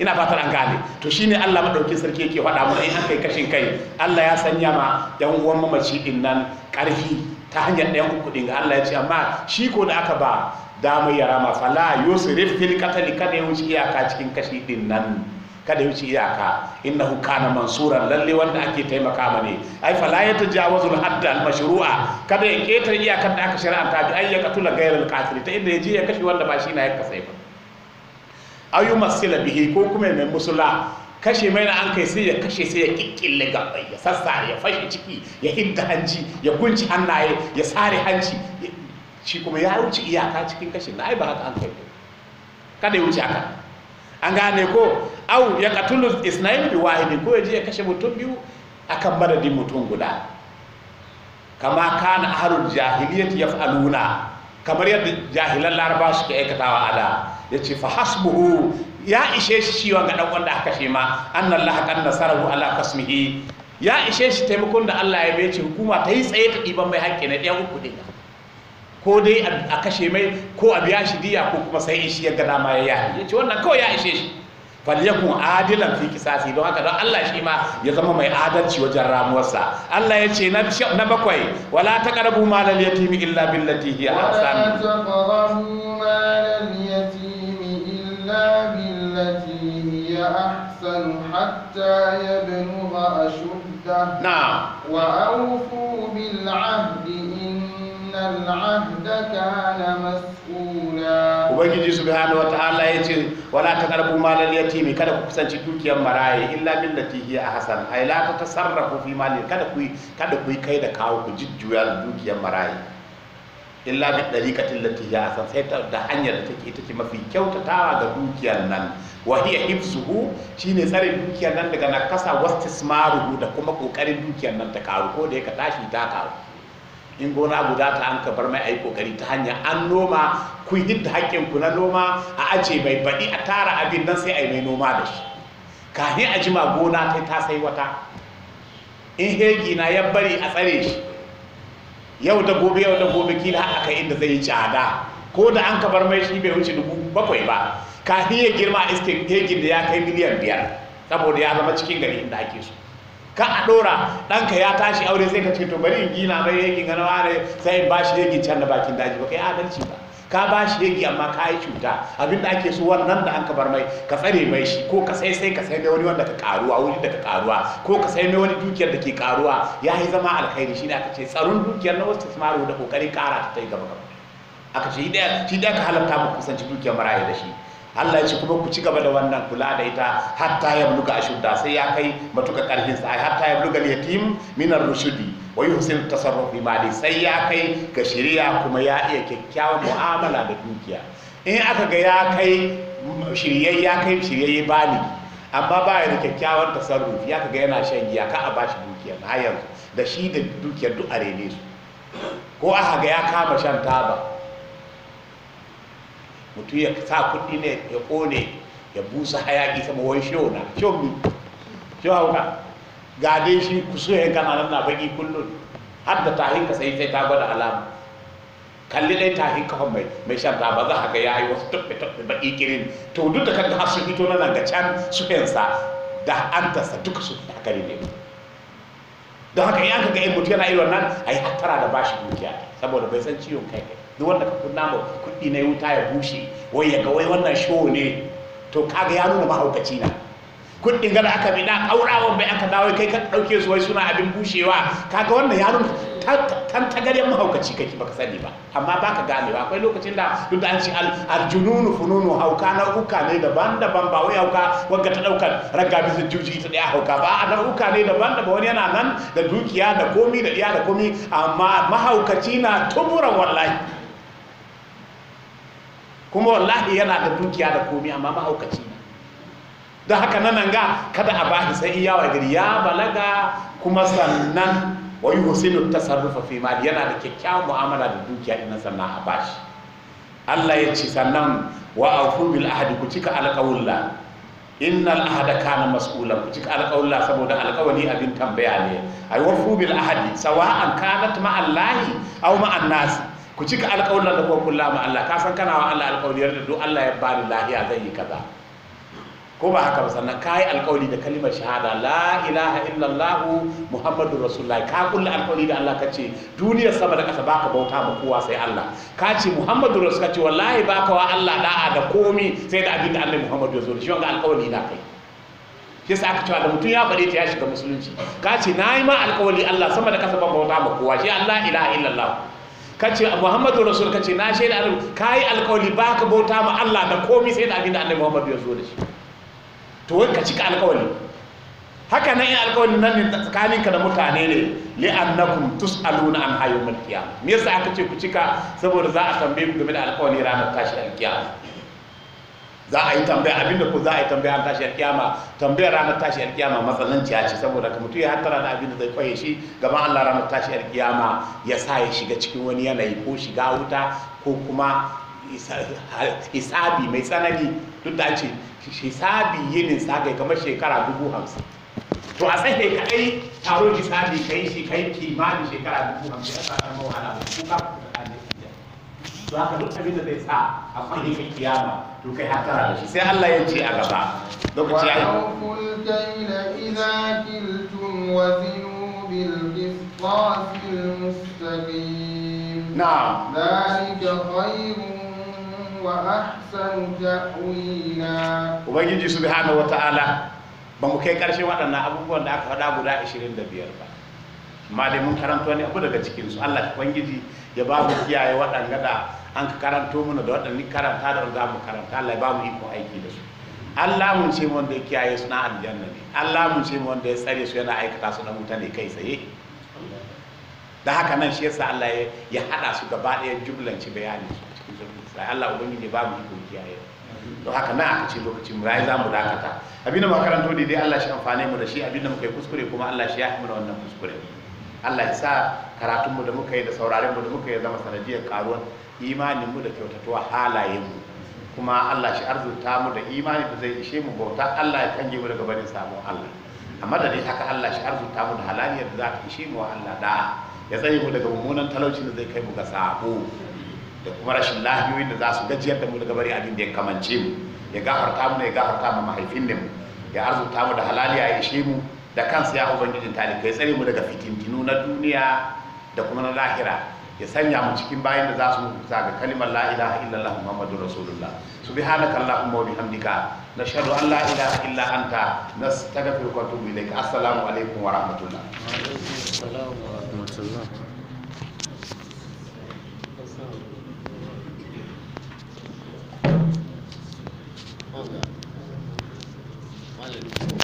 ina fatar an gane to shine Allah madaukin sarki yake faɗa mana in an kai kashin kai Allah ya sanya ma yan uwan mamaci din nan ƙarfi ta hanyar ɗayan uku din ga Allah ya ce amma shi ko da aka ba dama yara ma fala yusrif fil qatl kada ya wuce iyaka cikin kashi din nan kada ya wuce iyaka innahu kana mansuran lalle wanda ake taimaka ma ne ai fala ya tajawazu al hadd al mashru'a kada ya ketar iyakar da aka shari'anta bi ayyaka tula ghayr al qatil ta inda ya je ya kashi wanda ba shi na ya kasai ba Ayu masila bihi ko kuma mai musula kashe mai na an kai sai ya kashe sai ya kikkille gabbai ya sassare ya fashe ciki ya hidda hanci ya kunci hannaye ya sare hanci shi kuma ya wuce iyaka cikin kashe na ai ba haka an kai kada ya wuce haka an gane ko au ya katulu isnail bi wahidi ko yaje ya kashe mutum biyu akan madadin mutum guda kama kana ahlul jahiliyyati yaf'aluna kamar yadda jahilan laraba suke aikatawa a ala. ya ce fa hasbuhu ya ishe shi ciwon ga ɗan wanda aka shi ma annan lahakan nasarahu ala kasmihi ya ishe shi taimakon da Allah ya bai ce hukuma ta yi tsaye ta ɗiban mai haƙƙi na ɗaya uku ɗaya ko dai a kashe mai ko a biya shi diya ko kuma sai shi ya ga dama ya yi ya ce wannan kawai ya ishe shi falyakun adilan fi kisasi don haka don Allah shi ma ya zama mai adalci wajen ramuwarsa Allah ya ce na bakwai wala taqrabu malal yatimi illa billati hiya ahsan wala taqrabu malal yatimi illa billati hiya ahsan hatta yablugha ashuddah na'am wa awfu bil 'ahdi ubangiji subhanahu ya ce wala taqrabu malal yatimi kada ku kusanci dukiyar maraye illa billati hiya ahsan ay la tatasarrafu fi mali kada ku kada ku kai da kawo ku jujjuya da dukiyar maraye illa bi dariqatil lati hiya ahsan sai ta da hanyar da take ita ce mafi kyautatawa ga dukiyar nan wa hiya hifzuhu shine tsare dukiyar nan daga nakasa wastismaruhu da kuma kokarin dukiyar nan ta karu ko da ka tashi ta karu in gona guda ta an ka bar mai aiko gari ta hanya an noma ku yi hidda haƙƙin ku na noma a aje mai baɗi a tara abin nan sai yi mai noma da shi kafin a jima gona ta ta sai wata in hegi na ya bari a tsare shi yau da gobe yau da gobe kila kai inda zai yi cada ko da an kabar mai shi bai wuce dubu bakwai ba kafin ya girma a iske hegin da ya kai miliyan biyar saboda ya zama cikin gari inda ake so ka a ɗora ɗanka ya tashi aure sai ka ce to bari in gina bai yaki gana ware sai in bashi yaki can da bakin daji ba kai adalci ba ka bashi yaki amma ka yi cuta abin da ake so wannan da an ka bar mai ka tsare mai shi ko ka sai sai ka sai mai wani wanda ka karuwa wuri da ka karuwa ko ka sai mai wani dukiyar da ke karuwa ya yi zama alkhairi shi ne aka ce tsaron dukiyar na wasu tasmaru da kokarin kara ta yi gaba gaba aka ce shi ɗaya ka halatta mu kusanci dukiyar maraya da shi Allah ya ce kuma ku ci gaba da wannan kula da ita hatta ya bluga ashudda sai ya kai matuka karfin sa hatta ya bluga yatim min ar-rushdi wa yuhsin tasarruf bi mali sai ya kai ga shari'a kuma ya iya kyakkyawan mu'amala da dukiya in aka ga ya kai shiryayye ya kai shiryayye bani, amma ba ya da kyakkyawan tasarruf ya kaga yana shan giya ka a bashi dukiya, har yanzu da shi da dukiyar duk a su ko aka ga ya kama shan taba mutum ya sa kuɗi ne ya ƙone ya busa hayaki sama wai shiyo na shiyo mi shiyo hauka ga dai shi kuso ya kana nan na baki kullum har da tahin ka sai ta gwada alama kalli dai tahin ka mai mai shan ta ba za ka ya yi wasu tabbe tabbe baki kirin to duk da kanta hasu fito nan ga can su fensa da an tasa duka su a gari ne don haka in aka ga in mutu yana irin nan a yi hattara da bashi dukiya saboda bai san ciwon kai kai duk wanda ka kunna ma kuɗi na wuta ya bushe wai ya ga wannan show ne to kaga ya nuna mahaukaci na kuɗin gada aka bi na ƙaurawan bai aka dawo kai ka ɗauke su wai suna abin bushewa kaga wannan ya nuna ta tagaren mahaukaci kake baka sani ba amma baka ganewa akwai lokacin da duk da an ci aljununu fununu hauka na uka ne daban daban ba wai hauka wanga ta daukar ragga bisu juji ta daya hauka ba a uka ne daban daban wani yana nan da dukiya da komi da iya da komi amma mahaukaci na tuburan wallahi kuma wallahi yana da dukiya da komi amma mahaukaci ne don haka nan ga kada a bashi sai iya wa gari ya balaga kuma sannan wa ta tasarrufa fi mali yana da kyakkyawan mu'amala da dukiya din sannan a bashi Allah ya ce sannan wa afu bil ahadi ku cika alqawla innal ahda kana mas'ulan ku cika alqawla saboda alqawli abin tambaya ne ay wafu bil ahdi sawa'an kanat ma'allahi aw ma'an nas ku cika alƙawarin da kuma kulla ma Allah ka san kana wa Allah alƙawariyar da duk Allah ya bani lahiya zai yi kaza ko ba haka ba sannan ka yi alƙawari da kalimar shahada la ilaha illallah muhammadu rasulullah ka kulla alƙawari da Allah ka ce duniyar sama da ƙasa baka bauta ma kowa sai Allah ka ce muhammadu rasul ka ce wallahi baka wa Allah da'a da komi sai da abinda Allah muhammadu ya zo da shi wanga alƙawari na kai shi sa aka cewa da mutum ya faɗi ta ya shiga musulunci ka ce na yi ma alkawali Allah sama da kasa ban bauta ma kowa shi Allah ilaha illallah kace Muhammadu Rasul kace na shaida Allah kai alƙawli baka bauta ma Allah da komai sai da abin da Annabi Muhammadu ya zo da shi to wai ka cika alƙawli haka nan in alƙawli nan ka da mutane ne annakum tus'aluna an hayyumul qiyam me yasa aka ce ku cika saboda za a tambaye ku game da alƙawli ranar tashi alƙiyama za a yi tambaya abinda ko za a yi tambaya an tashiyar kiyama tambaya ranar tashiyar kiyama matsalanciya ce saboda ka mutu ya hattara da abinda zai kwaye shi gaba Allah ranar tashiyar kiyama ya sa ya shiga cikin wani yanayi ko shiga wuta ko kuma hisabi mai tsanani duk da ce hisabi yinin sagai kamar shekara dubu hamsin to a tsaye kaɗai taro hisabi kai shi kai kimanin shekara dubu hamsin a tsakar mawahala ko to haka duk abin da zai sa a fahimci kiyama to kai hakara da shi sai Allah ya ce a gaba lokaci ya yi na'am zalika khairun Ubangiji subhanahu wa ta'ala ba mu kai ƙarshen waɗannan abubuwan da aka faɗa guda 25 ba. Amma dai mun karanto ne abu daga cikinsu Allah Ubangiji ya ba mu kiyaye waɗanda da an ka karanto mana da waɗannan karanta da za mu karanta Allah ba mu iko aiki da su Allah mun ce mu wanda ya kiyaye su na aljanna ne Allah mun ce mu wanda ya tsare su yana aikata su na mutane kai tsaye da haka nan shi yasa Allah ya hada su gaba ɗaya jumlanci bayani su cikin sai Allah ubangiji ba mu iko kiyaye to haka na aka ce lokacin mu rai za mu dakata abinda makaranto ne dai Allah shi amfane mu da shi abinda muka yi kuskure kuma Allah shi ya haɗu wannan kuskure Allah ya sa karatunmu da muka yi da saurarenmu da muka yi zama sanadiyar karuwar imaninmu da kyautatuwa halayenmu kuma Allah shi arzuta mu da imani da zai ishe mu bauta Allah ya kange mu daga barin samun Allah a madadin haka Allah shi arzuta mu da halaliyar da za ta ishe mu Allah da ya tsaye mu daga mummunan talauci da zai kai mu ga sabo da kuma rashin lahiyoyin da za su gajiyar da mu daga bari abin da ya kamance mu ya gafarta mu ya gafarta mu mahaifin mu ya arzuta mu da halaliya ya ishe mu da kansa ya ubangijin talika kai tsare mu daga fitintinu na duniya da kuma na lahira ya sanya mu cikin bayan da za su ga kalimar la ilaha illallah muhammadu rasulullah subhanaka allahumma wa bihamdika nashhadu an la ilaha illa anta nastaghfiruka wa atubu ilaik assalamu alaikum wa rahmatullah Thank you.